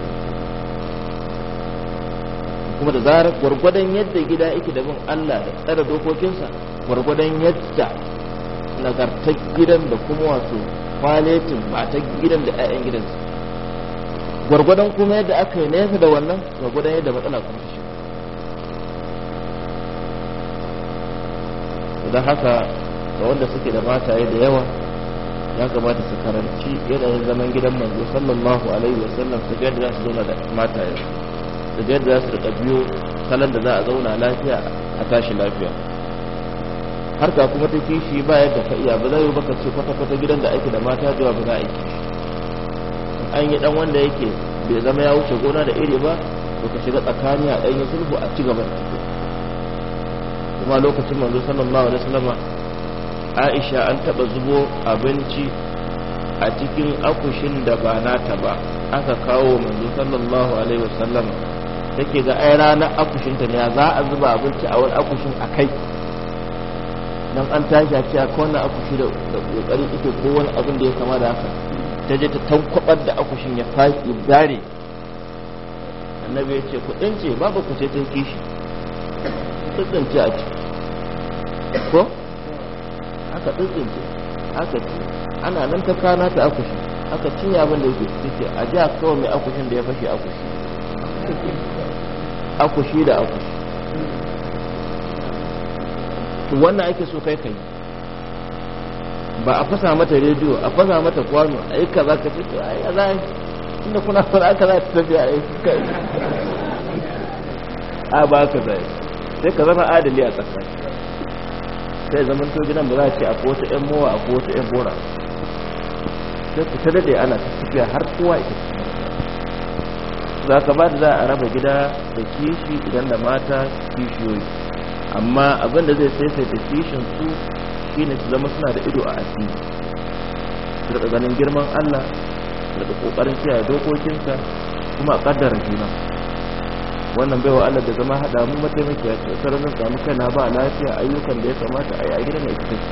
kuma da zarar gwargwadon yadda gida yake da bin Allah da tsara dokokinsa gwargwadon yadda nagartar gidan da kuma wato kwaletin matar gidan da 'ya'yan gidansa gwargwadon kuma yadda aka yi nesa da wannan gwargwadon yadda matsala kuma shi idan haka ga wanda suke da mataye da yawa ya kamata su karanci yanayin zaman gidan manzo sallallahu alaihi wasallam su ga da za su zauna da mataye daga yadda za su rika biyo salon da za a zauna lafiya a tashi lafiya har ka kuma ta kishi ba yadda ka iya ba za yi baka ce kwata-kwata gidan da ake da mata zuwa ba za a yi an yi dan wanda yake bai zama ya wuce gona da iri ba ka shiga tsakani a ɗanyen sulhu a ci gaba da kuma lokacin manzo sallallahu alaihi wasallam Aisha an taba zubo abinci a cikin akushin da ba nata ba aka kawo manzo sallallahu alaihi wasallam take ga ai ranar akushinta ne za a zuba abinci a wani akushin a kai don an tashi a cewa kowane akushi da kokarin ita ko wani abin da ya kama da haka ta je ta tankwabar da akushin ya faɗi gare annabi ya ce kuɗin ce babu ku sai tun kishi tsintsince a ciki ko aka tsintsince aka ce ana nan ta kana ta akushi aka cinye abin da yake ce a ji a kawai mai akushin da ya fashe akushi akushi da akushi to wannan ake so kai kai ba a fasa mata rediyo a fasa mata kwano a yi za ka ce to ai za a inda kuna fara aka za ta tafiya a yi kai a ba ka zai sai ka zama adali a tsakani sai zaman to gidan ba za a ce a kota yan mowa a kota yan bora sai ku ta dade ana tafiya har kowa ita za ka ba da za a raba gida da kishi idan da mata kishiyoyi amma abin da zai da kishin su shi ne su zama suna da ido a asiri su daga ganin girman Allah daga kokarin kiyaye dokokinsa kuma a kaddara juna wannan baiwa Allah da zama hada mu mataimaki ya ce sararin samu na ba lafiya ayyukan da ya kamata a yi a gidan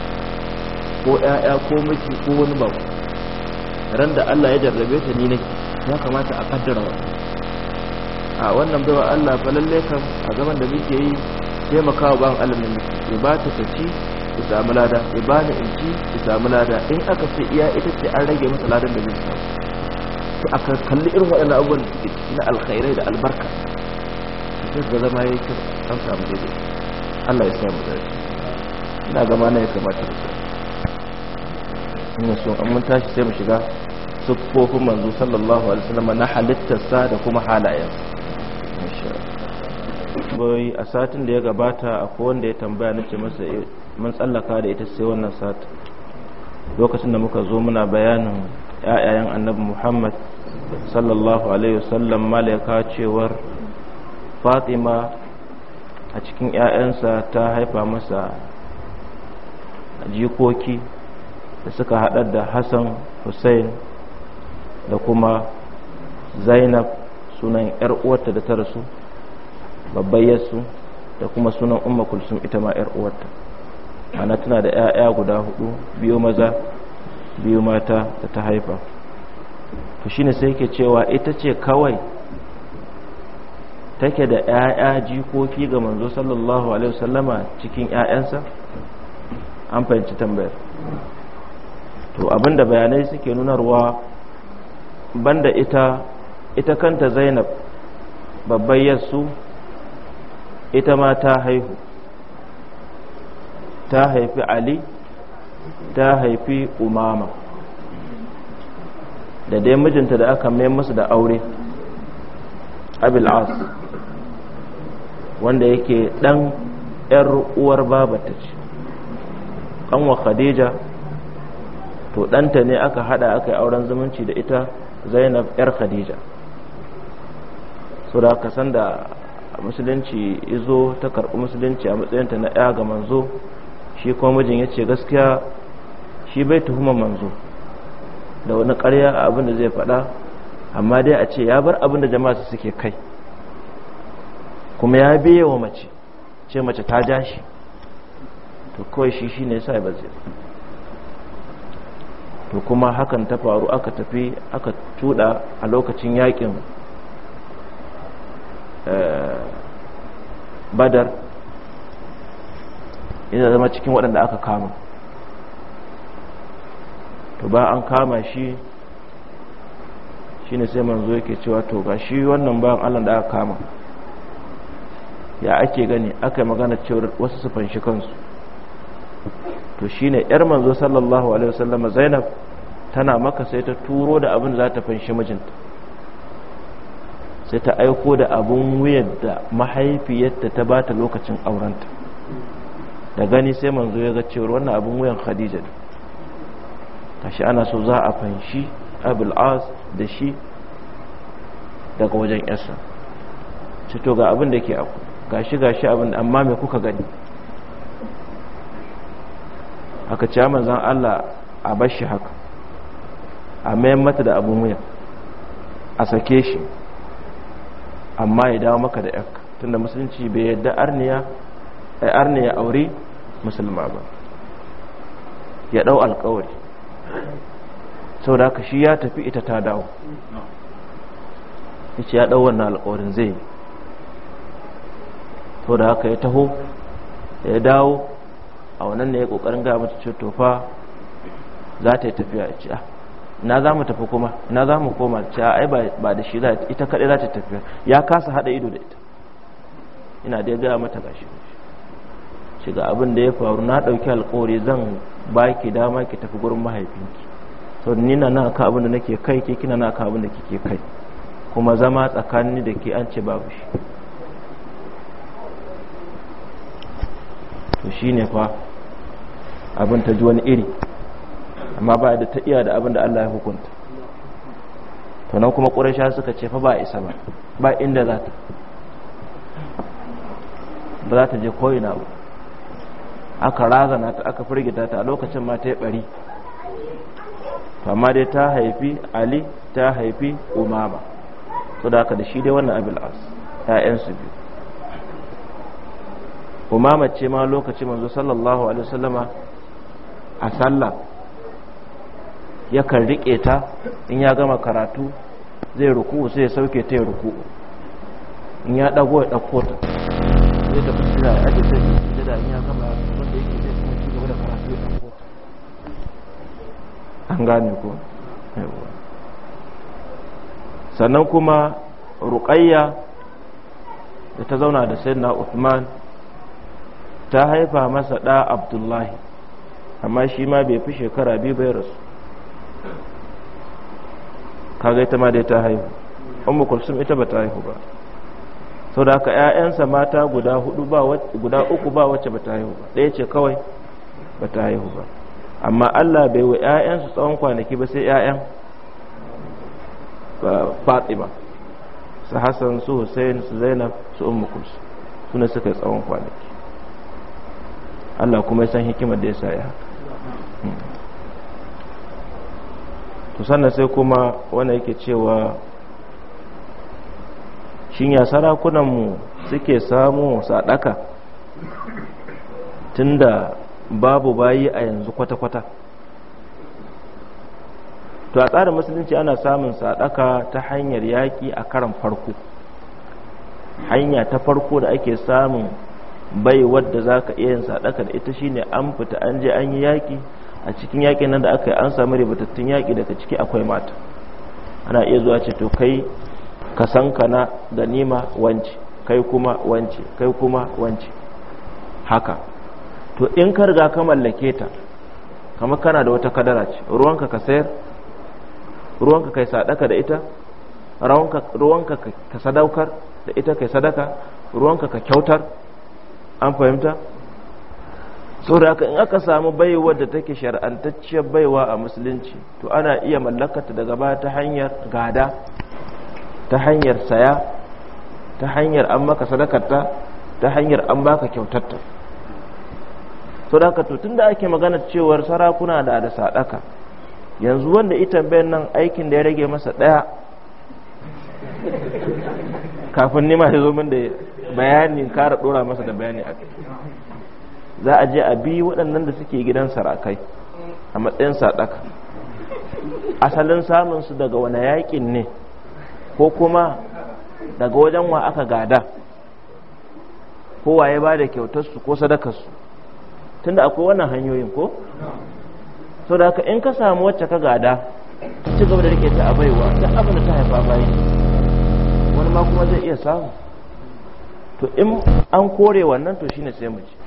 ko ƴaƴa ko miki ko wani babu ran da Allah ya jarrabe ta ni ne ya kamata a kaddara wannan a wannan baiwa Allah fa lalle kam a zaman da muke yi taimakawa ban alamin ya ba ta saci ta samu lada ya ba ni in ci ta samu lada in aka ce iya ita ce an rage masa ladan da zai samu sai aka kalli irin waɗannan abubuwan da suke na alkhairai da albarka sai ga zama ya yi an samu daidai Allah ya samu daidai ina gama na ya kamata da su ina so an mun tashi sai mu shiga siffofin manzo sallallahu alaihi wasallam na halittarsa da kuma halayensa tambayoyi a satin da ya gabata a wanda ya tambaya na ce masa eh, mun tsallaka da ita sai wannan satin lokacin da muka zo muna bayanin yayan annabi Muhammad sallallahu Alaihi wasallam malaka cewar Fatima a cikin ‘ya'yansa ta haifa masa jikoki da suka hada da Hassan Hussein da kuma Zainab sunan ‘yar uwarta da ta rasu babbar yassu da kuma sunan umma kulsum ita ma yar uwarta ana tana da 'ya'ya guda hudu biyu maza biyu mata da ta haifa to shine sai yake cewa ita ce kawai take da 'ya'ya jikoki ga manzo sallallahu alaihi wasallama cikin 'ya'yansa an fahimci tambayar to abinda bayanai suke nunarwa banda ita ita kanta zainab babbar yarsu. ita ma ta haihu ta haifi ali ta haifi umama da dai mijinta da aka mai musu da aure as wanda yake dan yar uwar babata ce kanwa khadija to ɗanta ne aka hada aka yi auren zumunci da ita zainab yar khadija su da ka san da musulunci izo ta karɓi musulunci a matsayinta na ɗaya ga manzo shi kuma mijin ya ce gaskiya shi bai tuhuma manzo da wani karya a abin zai faɗa amma dai a ce ya bar abinda da jama'a suke kai kuma ya biye wa mace ce mace ta ja shi to kawai shi shi ne sa ba zai to kuma hakan ta faru aka tafi aka tuɗa a lokacin yaƙin. Eh, badar yana zama cikin waɗanda aka kama to ba an kama shi shi ne sai manzo yake cewa to ga shi wannan bayan allon da aka kama ya ake gani aka yi magana cewar wasu su fanshi kansu to shi ne yar manzo sallallahu alaihi wasallama zainab tana maka sai ta turo da abin za ta fanshi mijinta sai ta aiko da abun wuyar da mahaifiyarta ta bata lokacin aurenta da gani sai manzo ya ga cewar wannan abun wuyan khadija ne kashi ana so za a fanshi abul as da shi daga wajen yasa to ga abin da ke aku gashi gashi abin amma me kuka gani aka ce manzan Allah a bashi haka a mayan mata da abun wuya a sake shi amma ya dawo maka da yakka tunda musulunci bai yadda arniya ai eh, arniya aure musulma ba ya dau alƙawari saboda haka shi ya tafi ita ta dawo yace ya dau wannan alƙawarin zai yi da haka ya taho ya dawo a wannan ne ya kokarin ga mata ce tofa za ta yi tafiya a ci'a ah, na za mu tafi kuma na za mu koma ce ai ba da shi ita kaɗai za ta tafiya ya kasa haɗa ido da ita ina da ya gaya mata gashi shiga abin da ya faru na ɗauki alƙawari zan ba ki dama ki tafi gurin mahaifinki so ni na na ka abin da nake kai ke kina na ka abin da kike kai kuma zama tsakanin da ke an ce babu shi to shine fa abin ta ji wani iri amma ba da ta iya da abin da Allah ya hukunta to nan kuma ƙuraisha suka ce fa ba isa ba ba inda za ta ba za ta je koyina ba aka razana ta aka firgita ta a lokacin ma ta yi ɓari amma dai ta haifi ali ta haifi umama to da haka da shi dai wannan abil'as ‘ya'yansu biyu umama ce ma lokacin manzo sallallahu alaihi wasallama a sallah yakan riƙe ta in ya gama karatu zai ruku sai ya sauke ta ya ruku in ya dago ya dauko ta zai tafi jira ya ake sai da da in ya gama wanda yake zai kuma ci gaba da karatu ya dauko an gane ko sannan kuma ruƙayya da ta zauna da sayyidina Uthman ta haifa masa ɗa Abdullahi amma shi ma bai fi shekara biyu bai rasu kaga ita ma dai ta haihu ummu kulsum ita ba ta haihu ba sau da haka ƴaƴansa mata guda hudu ba guda uku ba wacce ba ta haihu ba ɗaya ce kawai ba ta haihu ba amma Allah bai wa ƴaƴansu tsawon kwanaki ba sai ƴaƴan Fatima su Hassan su Hussein su Zainab su Ummu Kulsum suna suka tsawon kwanaki Allah kuma ya san hikimar da ya sa ya haka hmm. to sannan sai kuma wanda yake cewa shinya ya sarakunanmu suke samu sadaka tunda babu bayi a yanzu kwata-kwata to a tsarin musulunci ana samun sadaka ta hanyar yaƙi a karan farko hanya ta farko da ake samun bai wadda za ka iya yin sadaka da ita shine an fita an je an yi yaƙi a cikin yaƙi nan da aka yi an samu ribatattun yaƙi daga ciki akwai mata ana iya zuwa ce to kai ka san kana ganima wance kai kuma wance kai kuma wance haka to in ka riga ka mallake ta kama kana da wata kadara ce ruwanka ka sayar ruwanka kai sadaka da ita ruwanka ka sadaukar da ita kai sadaka ruwanka ka kyautar an fahimta saboda haka in aka samu baiwa da take shar'antacciyar baiwa a musulunci to ana iya mallakata daga ba ta hanyar gada ta hanyar saya ta hanyar an maka sadakarta ta hanyar an baka kyautarta saboda haka to tunda ake magana cewar sarakuna da da sadaka yanzu wanda ita bayan nan aikin da ya rage masa daya kafin nima ya zo min da bayani kara dora masa da bayani a kai za a je a bi waɗannan da suke gidan sarakai a matsayin sadaka asalin samun su daga wani yaƙin ne ko kuma daga wajen wa aka gada ko ya ba da kyautarsu ko sadakarsu tunda akwai wannan hanyoyin ko so da haka in ka samu wacce ka gada ci gaba da rike ta a baiwa ta abin da ta haifa bayi wani ma kuma zai iya samu to in an kore wannan to shi ne sai mu ci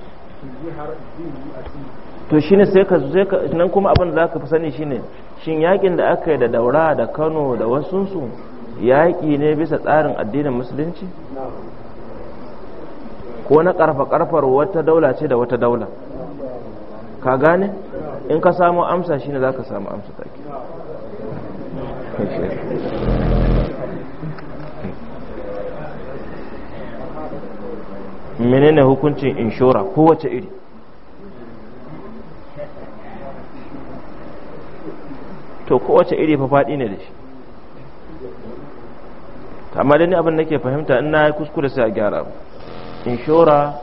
to shine sai ka sai ka nan kuma abin da ka fi sani shine shin yakin da aka yi da daura da Kano da wasunsu yaƙi ne bisa tsarin addinin musulunci ko na ƙarfa ƙarfar wata daula ce da wata daula ka gane in ka samu amsa shine ka samu amsa take menene hukuncin inshora kowace iri to kowace iri fa faɗi ne da shi amma dai ni abin da ke fahimta in na yi kuskure sai a gyara inshora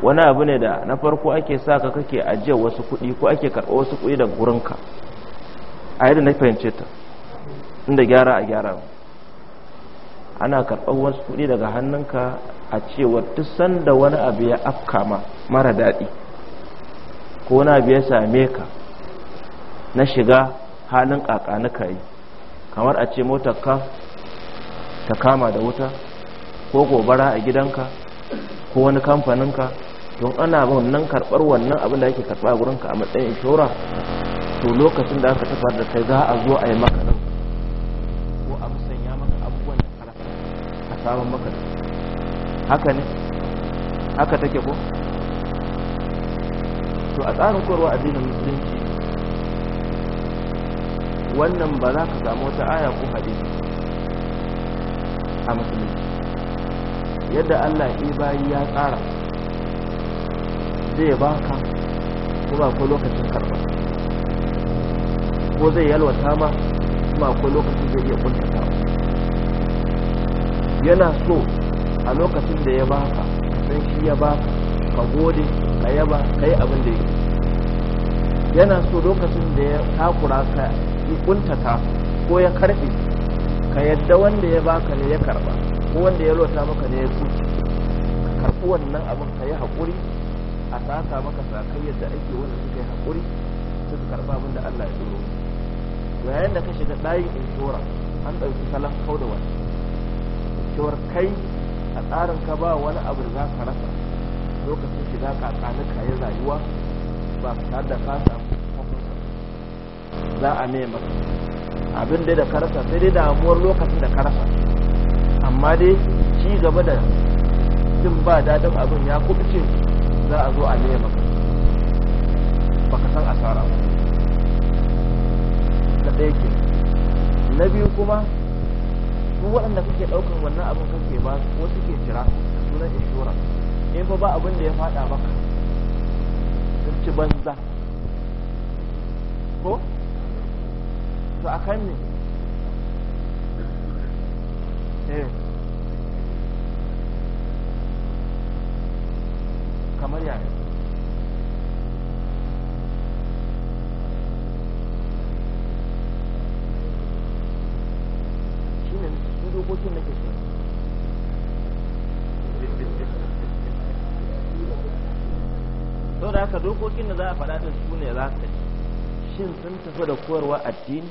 wani abu ne da na farko ake sa ka kake ajiyar wasu kuɗi ko ake karɓa wasu kuɗi daga gurinka a yadda na fahimce ta inda gyara a gyara ba ana karɓar wasu kuɗi daga hannunka a cewa duk sanda wani abu ya afka ma mara daɗi ko na biya ya same ka na shiga halin ƙaƙanuka yi kamar a ce motar ka ta kama da wuta ko gobara a gidanka ko wani kamfaninka don ana nan karɓar wannan abin da ake karɓa gurinka a matsayin inshora to lokacin da aka tafar da kai za a zo a yi maka samun maka haka ne haka take ko to a tsarin korwa addinin musulunci wannan ba za ka samu wata aya ko hadisi a musulunci yadda Allah bayi ya tsara zai baka ka kuma ko lokacin karba ko zai yalwata ma kuma ko lokacin zai iya kuntata yana so a lokacin da ya baka don shi ya baka ka gode ka yaba ka yi abin da yake yana so lokacin da ya takura ka kuntaka ko ya karbe ka yadda wanda ya baka ne ya karba ko wanda ya lota maka ne ya tsuci ka karbi wannan abin ka yi haƙuri a saka maka sakai yadda ake wanda suka yi haƙuri suka karba abin da Allah ya tsoro yayin da ka shiga ɗayin inshora an ɗauki salon kau da wani cewar kai a tsarin ka ba wani abu da za ka rasa lokacin shiga ka ya rayuwa ba tare da ka samu hukunsa za a nema abin dai da ka rasa sai dai damuwar lokacin da ka rasa amma dai ci gaba da jin ba daɗin abin ya kuɓuce za a zo a nema baka san asara ba ka ɗaya ke na biyu kuma su waɗanda kake ɗaukar wannan abin kuke ba ko suke jira sunan inshora in fa ba abin da ya faɗa maka sun ci banza ko to a kan ne eh. kamar yare dokokin da za a faɗa din su ne za ka shin sun tafi da koyarwa addini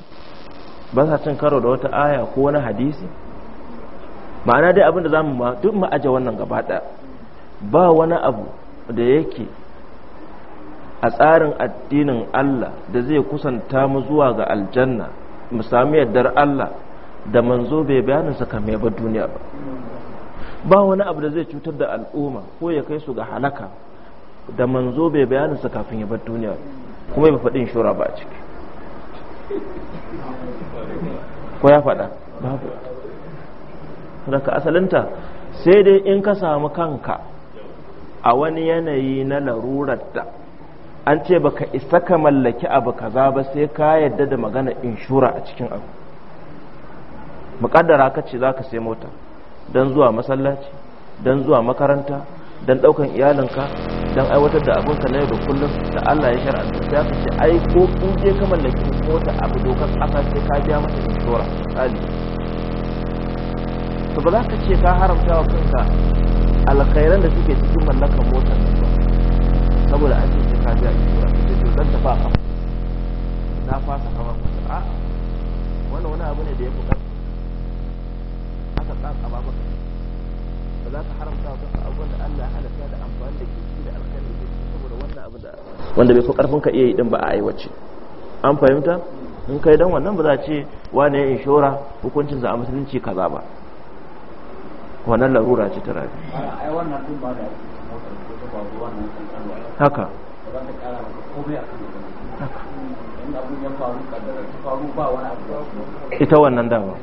ba sa cin karo da wata aya ko wani hadisi ma'ana dai abin da za mu ba duk mu wannan gaba ba wani abu da yake a tsarin addinin Allah da zai kusanta mu zuwa ga aljanna mu sami yardar Allah da manzo bai bayanin sa kamar ba duniya ba ba wani abu da zai cutar da al'umma ko ya kai su ga halaka da manzo bai bayanin sa kafin ya bar duniya kuma bai faɗin shura ba a ciki ko ya faɗa babu daga asalinta sai dai in ka samu kanka a wani yanayi na larurar da an ce baka isa ka mallaki abu kaza ba sai ka yadda da magana inshura a cikin abu mukaddara ka ce za ka sai mota don zuwa masallaci don zuwa makaranta don ɗaukan iyalinka don aiwatar da abinka na yau da kullum da Allah ya shar'anta sai ka ce ai ko kun je ka mallaki mota abu dokar ƙasa sai ka biya mata inshora misali to ba za ka ce ka haramta wa kanka alkhairan da suke cikin mallakar motar ba saboda an ce ka biya inshora sai to zan tafa a na fasa hawa mota a wannan wani abu ne da ya buƙata ƙarfi aka tsaka ba ba za ka haramta wa kanka abubuwan da Allah ya halatta da amfani da ke wanda bai so karfin ka iya yi din ba a aiwace an fahimta in kai dan wannan ba za a ce wane ya inshora hukuncin za a musulunci ka za ba wannan larura ce ta rabi haka ita wannan dama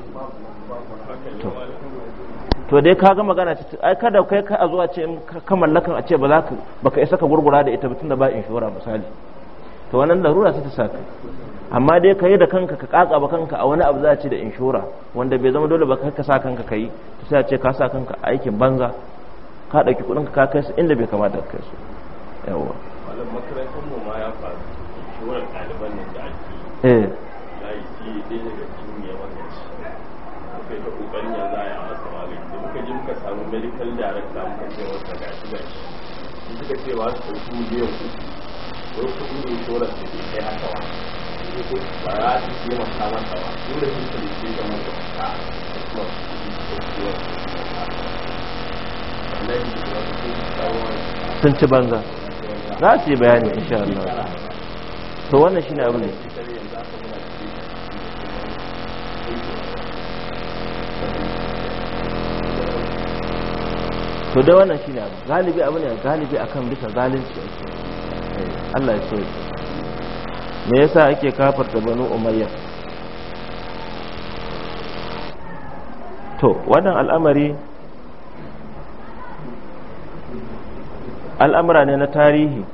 to dai ka ga magana ce ai kada kai ka zuwa ce ka mallakan a ce ba za ka baka isa ka gurgura da ita tunda ba inshora misali to wannan larura sai ta saka amma dai kai da kanka ka kaka ba kanka a wani abu za ce da inshora wanda bai zama dole ba kai ka sa kanka kai to sai a ce ka sa kanka aikin banza ka dauki kudin ka kai su inda bai kamata ka kai su yawa malam makarantar mu ma ya faru inshora ɗaliban nan da ake eh daga medical director muka ce wata shi gashi shi suka ce ba su ɗauki miliyan ku ko ne insurance da ke kai haka wa ba za su taimaka masa ba su ke ce ga masa ta da kuma sun ci banza za su yi bayani insha Allah to wannan shine abin da to da wannan shine abu galibi abu ne galibi akan bisa zalunci ake eh, Allah ya soye me yasa ake kafarta banu umayya to wannan al'amari al'amura ne na tarihi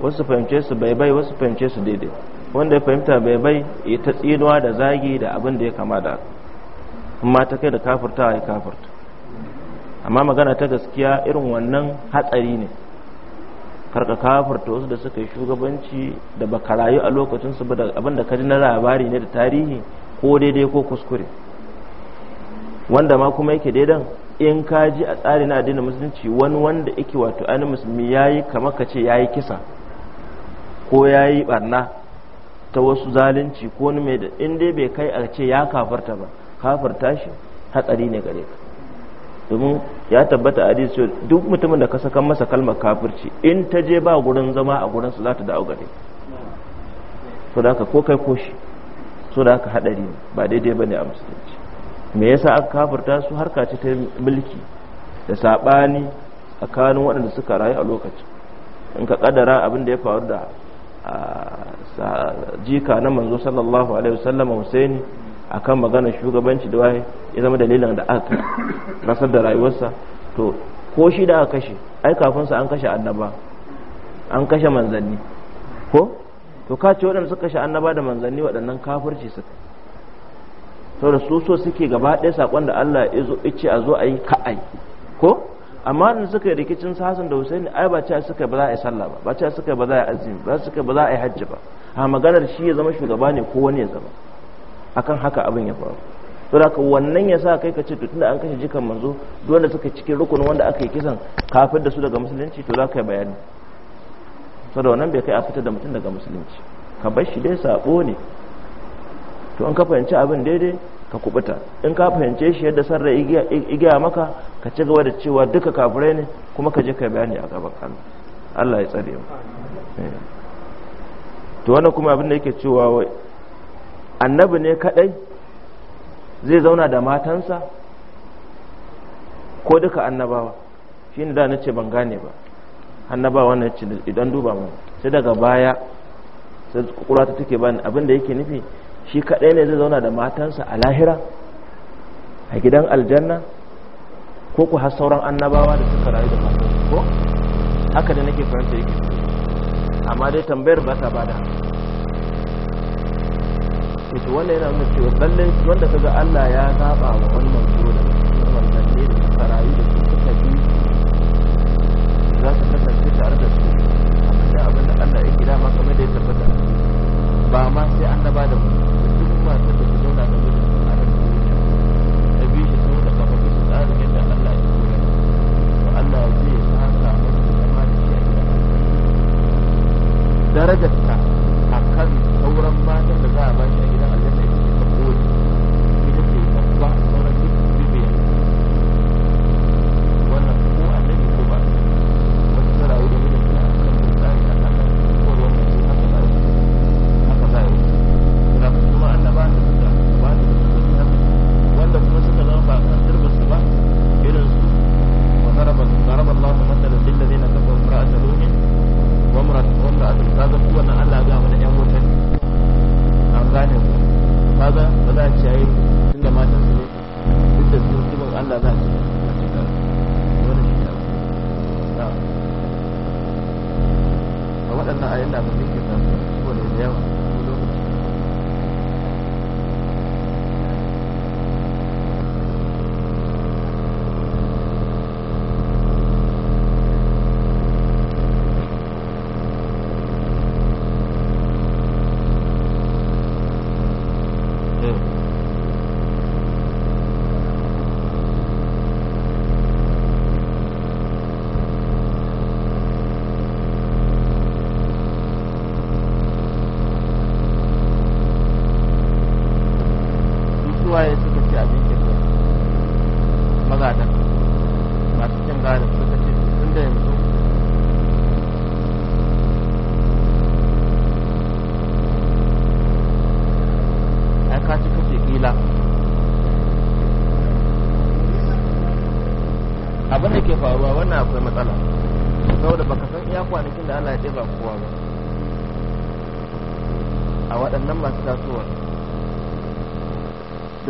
wasu fahimce su bai bai wasu fahimce su daidai wanda ya fahimta bai bai ya ta tsinuwa da zagi da abin da ya kama da amma ta kai da kafirta ya kafirta amma magana ta gaskiya irin wannan hatsari ne karka kafarta wasu da suka yi shugabanci da baka rayu a lokacin su da abin da kaji na labari ne da tarihi ko daidai ko kuskure wanda ma kuma yake daidan in ka ji a tsari na addinin musulunci wani wanda yake wato ani musulmi yayi kama ka ce yayi kisa ko yayi barna ta wasu zalunci ko ni mai da in dai bai kai a ce ya kafarta ba kafarta shi hatsari ne gare ka domin ya tabbata a hadisi duk mutumin da ka saka masa kalmar kafirci in ta je ba gurin zama a gurin su za ta dawo gare so da haka ko kai ko shi so da haka hadari ba daidai bane a musulunci me yasa aka kafirta su harka ce ta mulki da sabani kanun waɗanda suka rayu a lokacin in ka kadara abin da ya faru da jika na manzo sallallahu alaihi wasallam Husaini akan magana shugabanci da waye ya zama dalilin da aka rasar da rayuwarsa to ko shi da aka kashe ai kafin sa an kashe annaba an kashe manzanni ko to ka ce waɗanda suka kashe annaba da manzanni waɗannan kafirci suka saboda su so suke gaba ɗaya saƙon da Allah ya zo ice a zo a yi ka'ai ko amma da suka yi rikicin sasan da husaini ai ba cewa suka ba za a yi sallah ba ba cewa suka ba za a yi azumi ba suka ba za a yi hajji ba a maganar shi ya zama shugaba ne ko wani ya zama akan haka abin ya faru to da ka wannan ya sa kai ka ce tunda an kashe jikan manzo da suka cikin rukunin wanda aka yi kisan kafin da su daga musulunci to za ka yi bayani to da wannan bai kai a fitar da mutum daga musulunci ka bar shi dai sabo ne to an ka fahimci abin daidai ka kubuta in ka fahimce shi yadda sarra igiya maka ka ci gaba da cewa duka kafirai ne kuma ka je ka bayani a gaban Allah Allah ya tsare mu eh. to wannan kuma abin da yake cewa annabi ne kadai zai zauna da matansa ko duka annabawa shi ne da na ce ban gane ba annabawa na ce idan duba mu sai daga baya sai kura ta take bani abin da yake nufi shi kadai ne zai zauna da matansa a lahira a gidan aljanna ko ku har sauran annabawa da suka rayu da matansa ko haka da nake fahimta yake amma dai tambayar ba ta bada to wannan yana nuna cewa lallai wanda kaga Allah ya zaba wa wannan dole wannan ne da suka rayu da su suka bi za su kasance tare da su amma da abin da Allah ya kira maka kamar da ya tabbata ba ma sai annaba da mu duk masu da su zauna da mu a nan da bi shi su da kafa su tsarin yadda Allah ya kira to Allah zai saka musu zama da shi a gidan darajarta akan sauran matan da za a bashi a gidan aljanna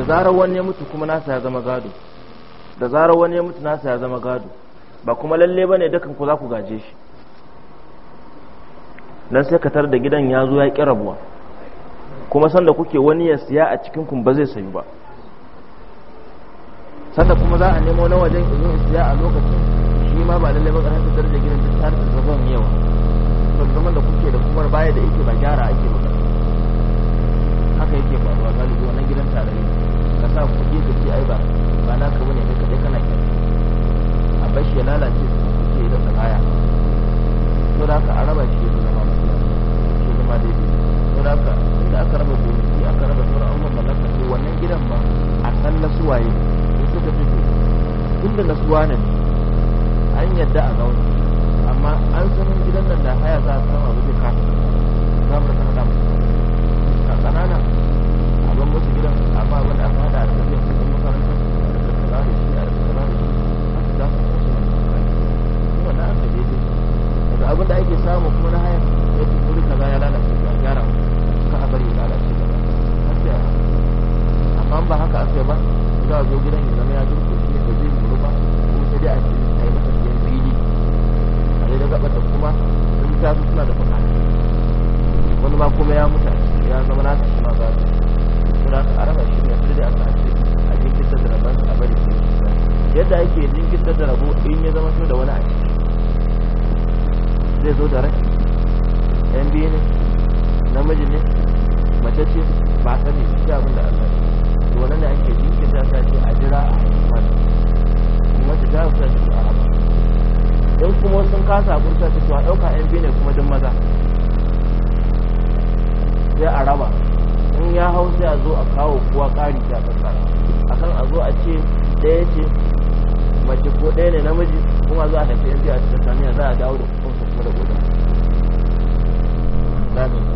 zarar wani ya mutu kuma nasa ya zama gado da zarar wani ya mutu nasa ya zama gado ba kuma lalle bane dukan ku za ku gaje shi dan sai ka da gidan ya zo ya ƙi rabuwa kuma sanda kuke wani ya siya a cikin kun ba zai sayu ba sanda kuma za a nemo na wajen izo siya a lokacin shi ma ba lalle ba ka hanta da gidan ta tar da yawa to zaman da kuke da kuma baya da yake ba gyara ake ba haka yake faruwa galibi wannan gidan tarayya ka sa kuɗi ka ce ai ba ba na ka bane ka dai kana kyau a shi ya lalace su ke da tsaya to da haka araba shi ya zama mafiya shi zama daidai to da haka inda aka raba gonaki aka raba sauran abubuwan mallaka to wannan gidan ma a san na ne su ka ce inda na suwa ne an yadda a zauna amma an san gidan nan da haya za a samu abu zai kafa za mu rasa haɗa musu yara ƙanana a ban musu gidan amma abin da aka hada a rikar yin kudin makaranta a rikar kula da shi a rikar kula da shi haka za su kashe mai kusurari shi kuma na da daidai daga abin da ake samu kuma na hayar ya ce kuri kaza ya lalace ga gyara ka a bari ya lalace gaba haka amma ba haka aka ba za a zo gidan ya zama ya durkushe ba zai muru ba ko sai dai a ce a yi masa biyan fili a daidai gaɓar da kuma sun tafi suna da buƙata wani ma kuma ya mutu a ciki ya zama na su ma su suna su araba shi ne sai dai a sace a jinkirta da rabon a bari sai shi yadda ake jinkirta da rabo in ya zama su da wani a ciki zai zo da rai yan biyu ne namiji ne mace ce ba a sani shi abin da Allah to wannan ne ake jinkirta ta ce a jira a haifar kuma ta ta ta a haɓa in kuma sun kasa abin ta ce a ɗauka yan biyu ne kuma duk maza sai a raba in ya hau sai a zo a kawo kuwa ƙari ta kasa akan a zo a ce ɗaya ce mace ko ɗaya ne namiji kuma za a tafi yanzu a cikin saniya za a dawo da kuma da kuɗin